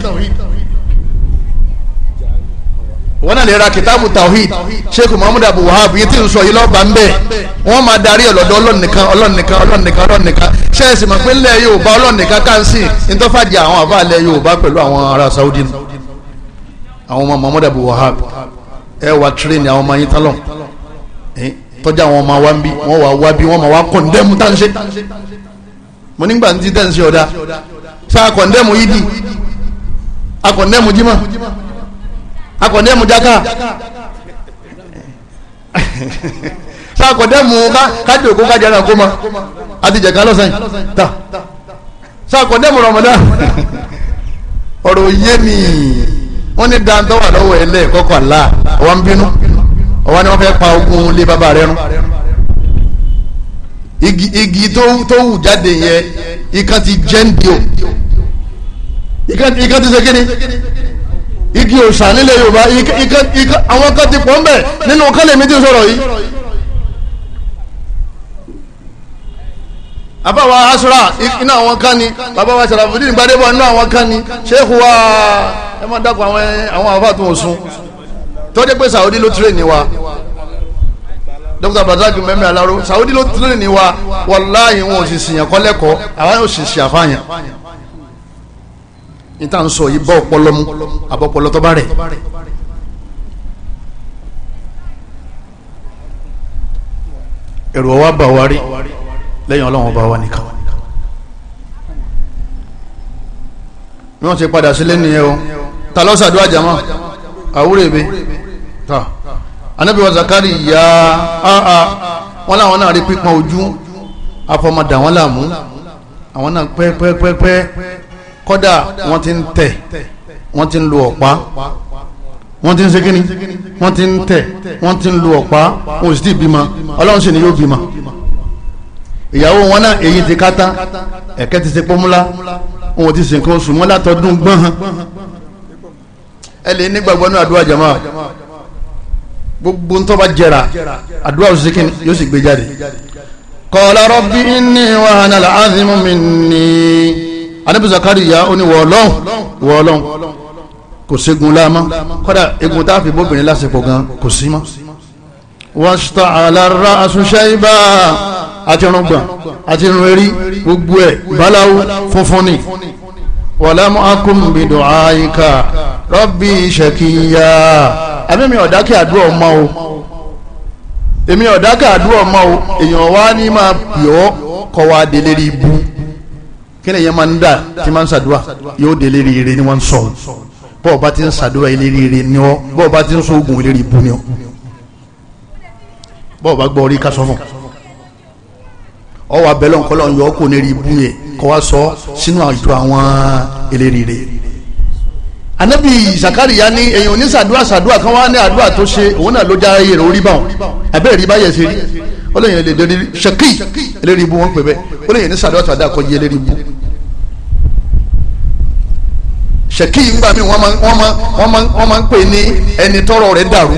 wọn náà lè ra kitabu tawhid sheikh muhammad abu wahab yìí tí ń sọ yìí lọ́ba ń bẹ̀ wọ́n máa darí ọ̀lọ́dọ̀ ọlọ́nìkan ọlọ́nìkan ọlọ́nìkan ọlọ́nìkan ṣẹ́ẹ̀sì mọ̀ pé ńlẹ̀ yorùbá ọlọ́nìkan tá ń sìn nítòfàjì àwọn àbá ilẹ̀ yorùbá pẹ̀lú àwọn ará saudi àwọn ọmọ muhammad abu wahab ẹ wà tírínì àwọn ọmọ yín tálọ̀ tọ́jà àwọn ọmọ wa bí wọ́n wà wá bí wọ́n máa wá kọ̀ndẹ́mù tá mo nígbà tí tẹ́ ń ṣe ọ̀dà sa kọ̀ndẹ́mù yídì akọ̀ndẹ́mù jimá akọ̀dẹ́ mu jaka sọ akọ̀dẹ́ mu kájọ òkú kájọ ẹran kó ma àti jẹ̀ka lọ́sàn yìí ta sọ akọ̀dẹ́ mu Ramadan ọ̀rọ̀ yé mi wọ́n ní dantọ́ wà lọ́wọ́ ẹ lẹ́ẹ̀kọ́kọ́ àlá ọwọ́ ń bínú ọwọ́ ni wọ́n fẹ́ pa ogun lé bàbá rẹ rún igi igi tó wù jáde yẹn ikan ti jẹ́ ń di o ikan ti ṣe kíni igi òòṣà nílẹ̀ yorùbá àwọn kan ti pọ̀ ń bẹ̀ nínú kálẹ̀ mi ti sọ̀rọ̀ yìí. àbáwá asra iná àwọn kan ni bàbá wa sàràfùdín gbadébọ̀ àwọn kan ni sheikh wa ẹ má dàpọ̀ àwọn àwọn àfa tó ń sun tọ́jú pé Saudi ló tirẹ̀ ni wa dókítà brazil mẹ́mí aláró Saudi ló tirẹ̀ ni wa wàláhì wọn ò sì sìyàn kọ́lẹ́kọ̀ọ́ àwọn yóò sì ṣàfàyàn níta ń sọ yìí bọ́ ọpọlọ mu àbọ̀pọlọ tó bá rẹ̀ ẹ̀rù ọwá bá wa rí lẹ́yìn ọlọ́run ọba wa nìkan ni wọ́n ti padà sílé nìyẹn o ta lọ́sàdúrà jàmọ́ àwúrẹ́bẹ́ ta anabi wa zakari ya aa wọn làwọn náà rí pípọn ojú afọmọdà wọn làmú àwọn náà pẹ́ẹ́pẹ́ẹ́pẹ́ẹ́ kọ́dà wọ́n ti ń tẹ̀ wọ́n ti ń lu ọ̀pá wọ́n ti ń ṣe kíni wọ́n ti ń tẹ̀ wọ́n ti ń lu ọ̀pá wọn sì ti bímọ ọlọ́run sì ni yóò bímọ ìyàwó wọn náà èyí ti ká tán ẹ̀kẹ́ ti ṣe pọ́nmúlá wọn ò ti ṣe oṣù mọ́ látọdún gbọ́n ẹ lè nígbàgbọ́ náà àdúrà jàmáà gbogbo ń tọ́ba jẹra àdúrà òṣìṣẹ́ kí yóò sì gbé jáde. qala rabbi inni wa ana al-azmu anabi zakariya ó ní wọ́ọ̀lọ́hùn wọ́ọ̀lọ́hùn kò ségun láàmá kọ́dà egun tá a fi bóbìnrin lásìkò gan kò sí mọ́. wàṣítà àlàra àsunṣe ibà àti ọ̀rọ̀gbà àti irun erí gbogbo ẹ̀ báláwo funfun ni wàlámù akúnbìdò àyíká rọ́bì ṣèkìyà àmì mi ọ̀dákẹ́ àdúrà ọmọ o èmi ọ̀dákẹ́ àdúrà ọmọ o èèyàn wá ní máa pè ọ́ kọ́ délé rí ibú kí ni ìyẹn máa ń dà tí máa ń ṣàdúrà yóò dé lérí ire ni wọ́n ń sọ bọ́ ọba ti ń ṣàdúrà lérí ire ni ọ́ bọ́ ọba ti ń sọ oògùn lérí ibu ni ọ́ bọ́ ọba gbọ́ orí ká sọ fún ọ wà bẹ́ẹ̀ lọ́nkọ́ lọ́n yọ kó lérí ibu yẹn kọ́ wá sọ sínú àjọ àwọn eléri ire anabi zakariya ni èyàn oníṣàdúrà ṣàdúrà kan wá ní àdúrà tó ṣe òun náà ló já ayé rẹ̀ orí báwọn àbẹ́rẹ́ rí báyẹ̀ ṣe rí ó lè yẹn lè lérí ṣèkì eléri ibú wọn pè bẹ́ẹ̀ ó lè yẹn ní sàdọ́ tó dáa kọjú eléri ibú ṣèkì ńgbà mi wọ́n máa ń pè ní ẹni tọ́rọ̀ rẹ̀ dàrú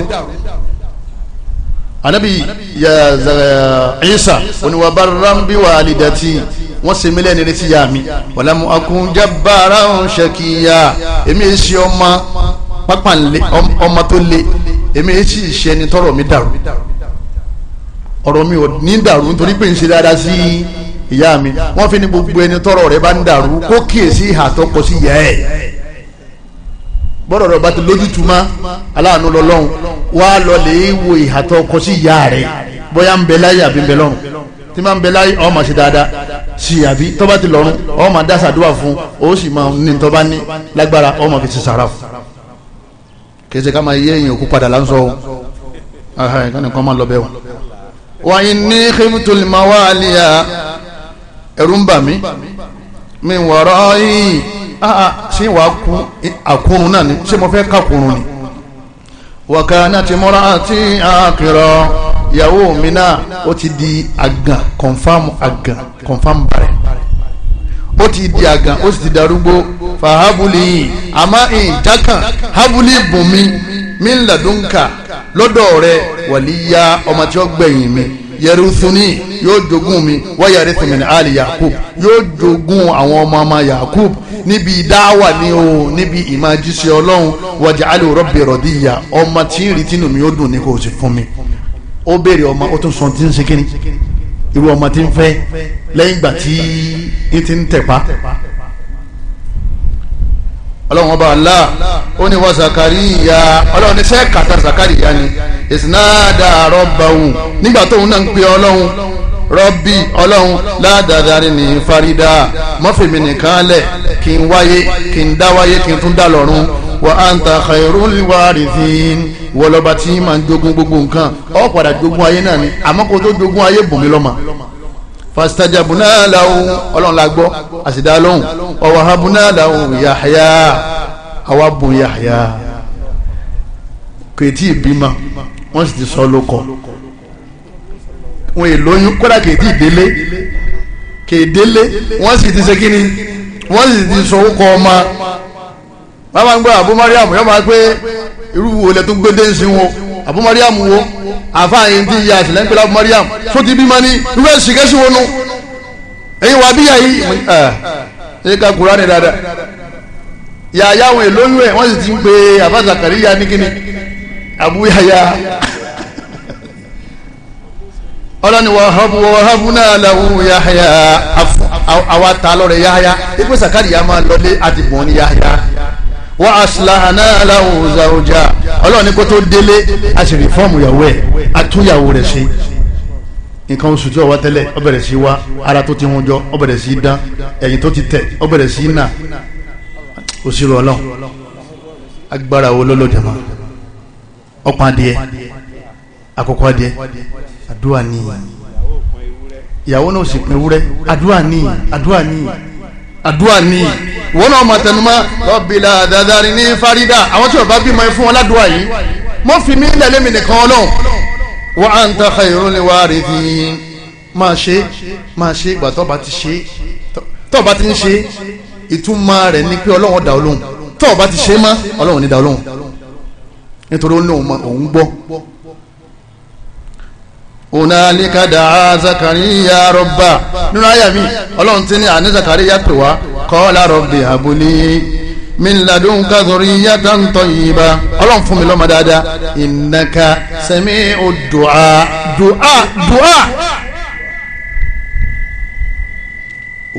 anabi ya isa oníwà barambi wa alidati wọn ṣe mílẹ̀ ní retí ya mi wàlámù akun jabbara ṣakiya èmi yìí ṣe ọmọ pápá ọmọ tó le èmi yìí ṣe ìṣẹ́ni tọrọ mi dàrú ọ̀rọ̀ mi ò ní dàrú nítorí pé ń ṣe dáadáa sí ìyá mi wọ́n fi ní gbogbo ẹni tọ́rọ̀ rẹ̀ bá ń dàrú kó kíyèsí ìhà tó kọ sí ìyá ẹ̀ bọ́dọ̀ rẹ̀ bá ti lójútu má aláàánú lọ́lọ́run wá lọ lè wo ìhà tó kọ sí ìyá rẹ̀ bóyá ń bẹ láyé àbí ń bẹ lọ́run tí máa ń bẹ láyé ó máa ṣe dáadáa sí àbí tó bá ti lọ́run ó máa dá sàdúrà fún ó sì máa ní tó bá ní lágbára ó máa fi ṣe sàrà fún kì ká máa yé èèyàn òkú padà láńsọ wa inni khiftul mawaliya ẹ̀rù ń bà mí mi wọ̀rọ̀ yìí ah, ah, ṣé wàá kú àkúrun náà ni ṣé mo fẹ́ kàkúrun ni. wa kanat imraati akira ìyàwó mi náà ó ti di àgàn confam àgàn confam bàrẹ̀ ó ti di àgàn ó sì ti darúgbó fàhábùlì yìí àmọ́ ìjákàn hábùlì bùnmi min ladunka lọ́dọ̀ rẹ wàlíyá ọmọ tí ó gbẹ̀yìn mi yẹrùsùnì yóò jogún mi wáyàrí sùnmìnì àlì yakub yóò jogún àwọn ọmọ ọmọ yakub níbi dáwà ni o níbi ìmájísẹ́ ọlọ́run wàjà àlè rọ́bì rọ̀díyà ọmọ tí ń rí tínú mi ó dùn ní kò sí fún mi ó béèrè ọmọ ó tún sọ tí ń ṣe kíni irú ọmọ tí ń fẹ́ lẹ́yìn ìgbà tí ń ti ń tẹ̀pa ọlọ́run ọba Allah ó ní wa Zakariya ọlọ́run ní sẹ́ẹ̀ kàtà Zakariya ni ìsìnàdà rọ́bàwù nígbà tóun náà ń pe ọlọ́run rọ́bì ọlọ́run ni ní farida mọ́fìmì nìkan lẹ̀ kí n wáyé kí n dá wáyé kí n tún dá lọ́run wa anta khairul warithin wọlọ́ba tí màá jogún gbogbo nǹkan ó padà jogún ayé náà ni àmọ́ kó tó jogún ayé bùnmi lọ́mọ fastajabuna lahun ọlọ́run la gbọ́ àsìdá lóhùn ọ̀wàhábùnà lahun yàhíyà àwa bùn yàhíyà kèétí ìbímọ wọ́n sì ti sọ lóko wọn èlóyún kódà kèétí ìdélé kèédélé wọ́n sì ti ṣe kíni wọ́n sì ti sọ orúkọ ọmọ bàbá ń gbọ́ àbú yọ̀ọ́ máa pé irú wo lẹ́tún gbé ń sin wọn abu mariam wo àfààní ti yà àtìlẹ́yìn pẹ̀lú abu mariam tó ti bímọ ní irú ẹ̀sìn kẹ́sì wo nu ẹ̀yin wà bí yàyí ẹ̀ ẹ̀ ká Kùránì dáadáa yàyà àwọn èlóyún ẹ̀ wọ́n sì ti ń pe àbá Zakariya ní kíni abu yàyà ọlọ́ni wàhábù wàhábù náà làwù yáhaya àwa ta lọ́rẹ̀ yáhaya ipò Zakariya máa lọlé àdìbò ní yáhaya wà á sìláhà náà làwù zàrújà ọlọ́run ní kó tó délé a sì rí fọ́ọ̀mù ìyàwó ẹ̀ àtúnyàwó rẹ̀ ṣe nǹkan oṣù tí ó wá tẹ́lẹ̀ ó bẹ̀rẹ̀ sí wá ara tó ti hun jọ ó bẹ̀rẹ̀ sí dán ẹ̀yìn tó ti tẹ̀ ó bẹ̀rẹ̀ sí nà òṣìrò ọlọ́run agbára wo lọ́lọ́ jama ọ̀pọ̀ adìẹ àkọ́kọ́ adìẹ àdúrà ní ìyàwó náà sì pin ewúrẹ́ àdúrà ní àdúrà ní àdúrà ni wọn náà máa tẹnumọ́ rọbìlà dàdàrí ní fárídà àwọn tí ọba bímọ fún wọn ládùúà yìí mo fi mí lẹlẹ mi nìkan Ọlọ́run wa anta khayrul warithin máa ṣe máa ṣe ìgbà tọba ti ṣe tọba ti ń ṣe ìtumọ̀ rẹ̀ ni pé Ọlọ́run dá Ọlọ́run tọba ti ṣe mọ Ọlọ́run ní dá Ọlọ́run nítorí ó ní òun gbọ́ hunalika da zakariya rabba nuna àyà mi ọlọ́run ti ní àní zakariya pè wá qala rabbi habli min ladunka dhurriyatan tayyiba ọlọ́run fún mi lọ́mọ dáadáa innaka sami'u du'a du'a du'a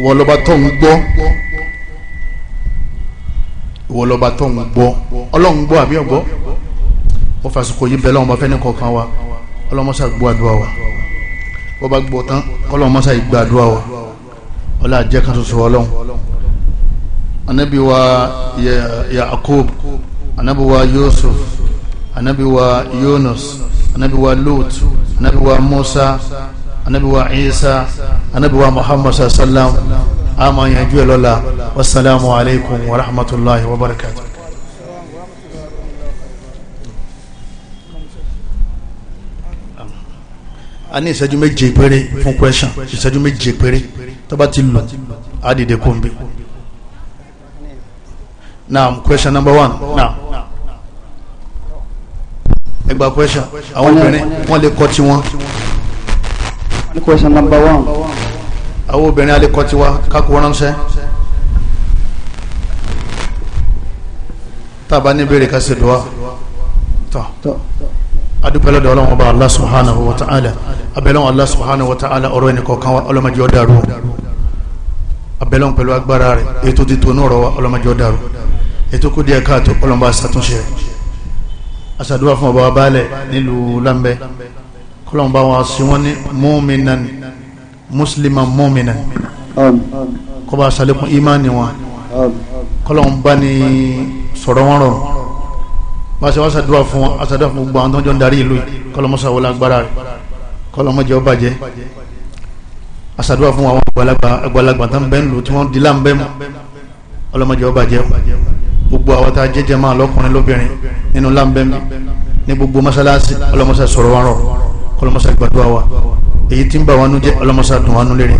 wọlọba tó ń gbọ́ wọlọba tó ń gbọ́ ọlọ́run gbọ́ àbí ọ̀gbọ́ ó fàṣukò yí bẹ́ẹ̀ lọ́wọ́ ọmọ fẹ́ni wa ọlọ́mọ́sá gbọ́ àdúrà wa wọ́n bá gbọ́ tán ọlọ́mọ́sá ìgbà àdúrà wa ọlá jẹ́ kan ṣoṣo ọlọ́run anabi wa yaakub anabi wa yusuf anabi wa yunus anabi wa lut anabi wa musa anabi wa isa anabi wa muhammad sallam a máa yanjú ẹ lọ́la wasalaamu alaykum wa rahmatulahi wa barakatuh. a ní ìṣẹ́jú méje péré fún question ìṣẹ́jú méje péré tó bá ti lò á dìde kó n bí. now question number one now ẹ gba question àwọn obìnrin wọ́n lè kọ́ tiwọn. question number one. àwọn obìnrin a lè kọ́ tiwa kákó ránṣẹ́. tá a bá ní ìbéèrè ká ṣe dùn wa. tọ́ adúpẹ́ lọ́dọ̀ ọlọ́run ọba Allah subhanahu wa ta'ala abẹ́lọ́run Allah subhanahu wa ta'ala ọ̀rọ̀ ẹnìkọ̀ọ̀kan wa ọlọ́mọdé ọ̀dàrú abẹ́lọ́run pẹ̀lú agbára rẹ̀ ètò títò náà wa ọlọ́mọdé ọ̀dàrú báṣẹ wá ṣàdúrà fún wọn aṣàdúrà fún gbogbo àwọn tó ń jọ ń darí ìlú yìí kọlọmọṣà wọlé agbára rẹ kọlọmọjẹ ọba jẹ aṣàdúrà fún àwọn àgbàlagbà àgbàlagbà tó ń bẹ ń lò tí wọn di láǹbẹ mọ ọlọmọjẹ ọba jẹ gbogbo àwọn tá a jẹjẹ máa lọkùnrin lóbìnrin nínú láǹbẹ mi ní gbogbo mọ́ṣáláṣí ọlọmọṣà sọ̀rọ̀ wa rọ kọlọmọṣà gbàdúrà wa èyí tí ń bà wá nú jẹ ọlọmọṣà dùn wá nú lérè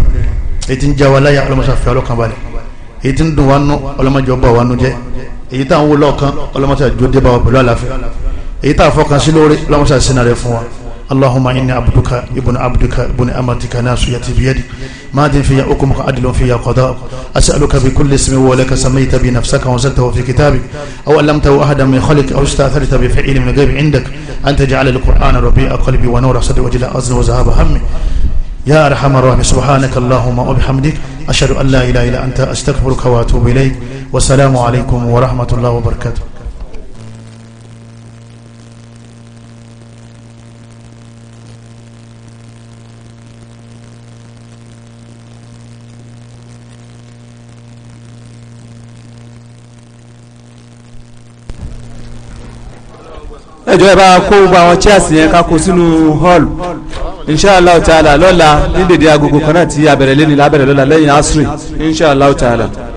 èyí tí ń já wa láyà ọlọmọṣà fẹ́ ọlọ́kànbalẹ̀ èyí tí ń dùn wá nú ọlọmọjẹ ọba wa nú jẹ́ èyí tá à ń wò lọ́ọ̀kan ọlọ́mọta ìjó dé bá wa pẹ̀lú àlàáfíà èyí tá à fọkàn sí lórí ọlọ́mọta ìsinà rẹ̀ fún wa allahumma inni abduka ibnu abduka ibnu amatika nasiyati biyadi madin fiya hukmuka adlun fiya qada'uk as'aluka bi kulli ismi huwa laka sammayta bi nafsika wa anzaltahu fi kitabik aw allamtahu ahadan min khalqik aw ista'tharta bi fi'lin min al-ghaybi 'indak an taj'ala al-qur'ana rabi'a qalbi wa nura sadri wa jala azni wa zahaba hammi يا أرحم الراحمين سبحانك اللهم وبحمدك أشهد أن لا إله إلا أنت أستغفرك وأتوب إليك والسلام عليكم ورحمة الله وبركاته ẹjọ́ ẹ bá kó gbogbo àwọn chairs yẹn ká kó sínú hall inshallah ta'ala lọ́la ní dèdè agogo kan náà tí abẹ̀rẹ̀ lẹ́ni lábẹ̀rẹ̀ lọ́la lẹ́yìn asri inshallah ta'ala.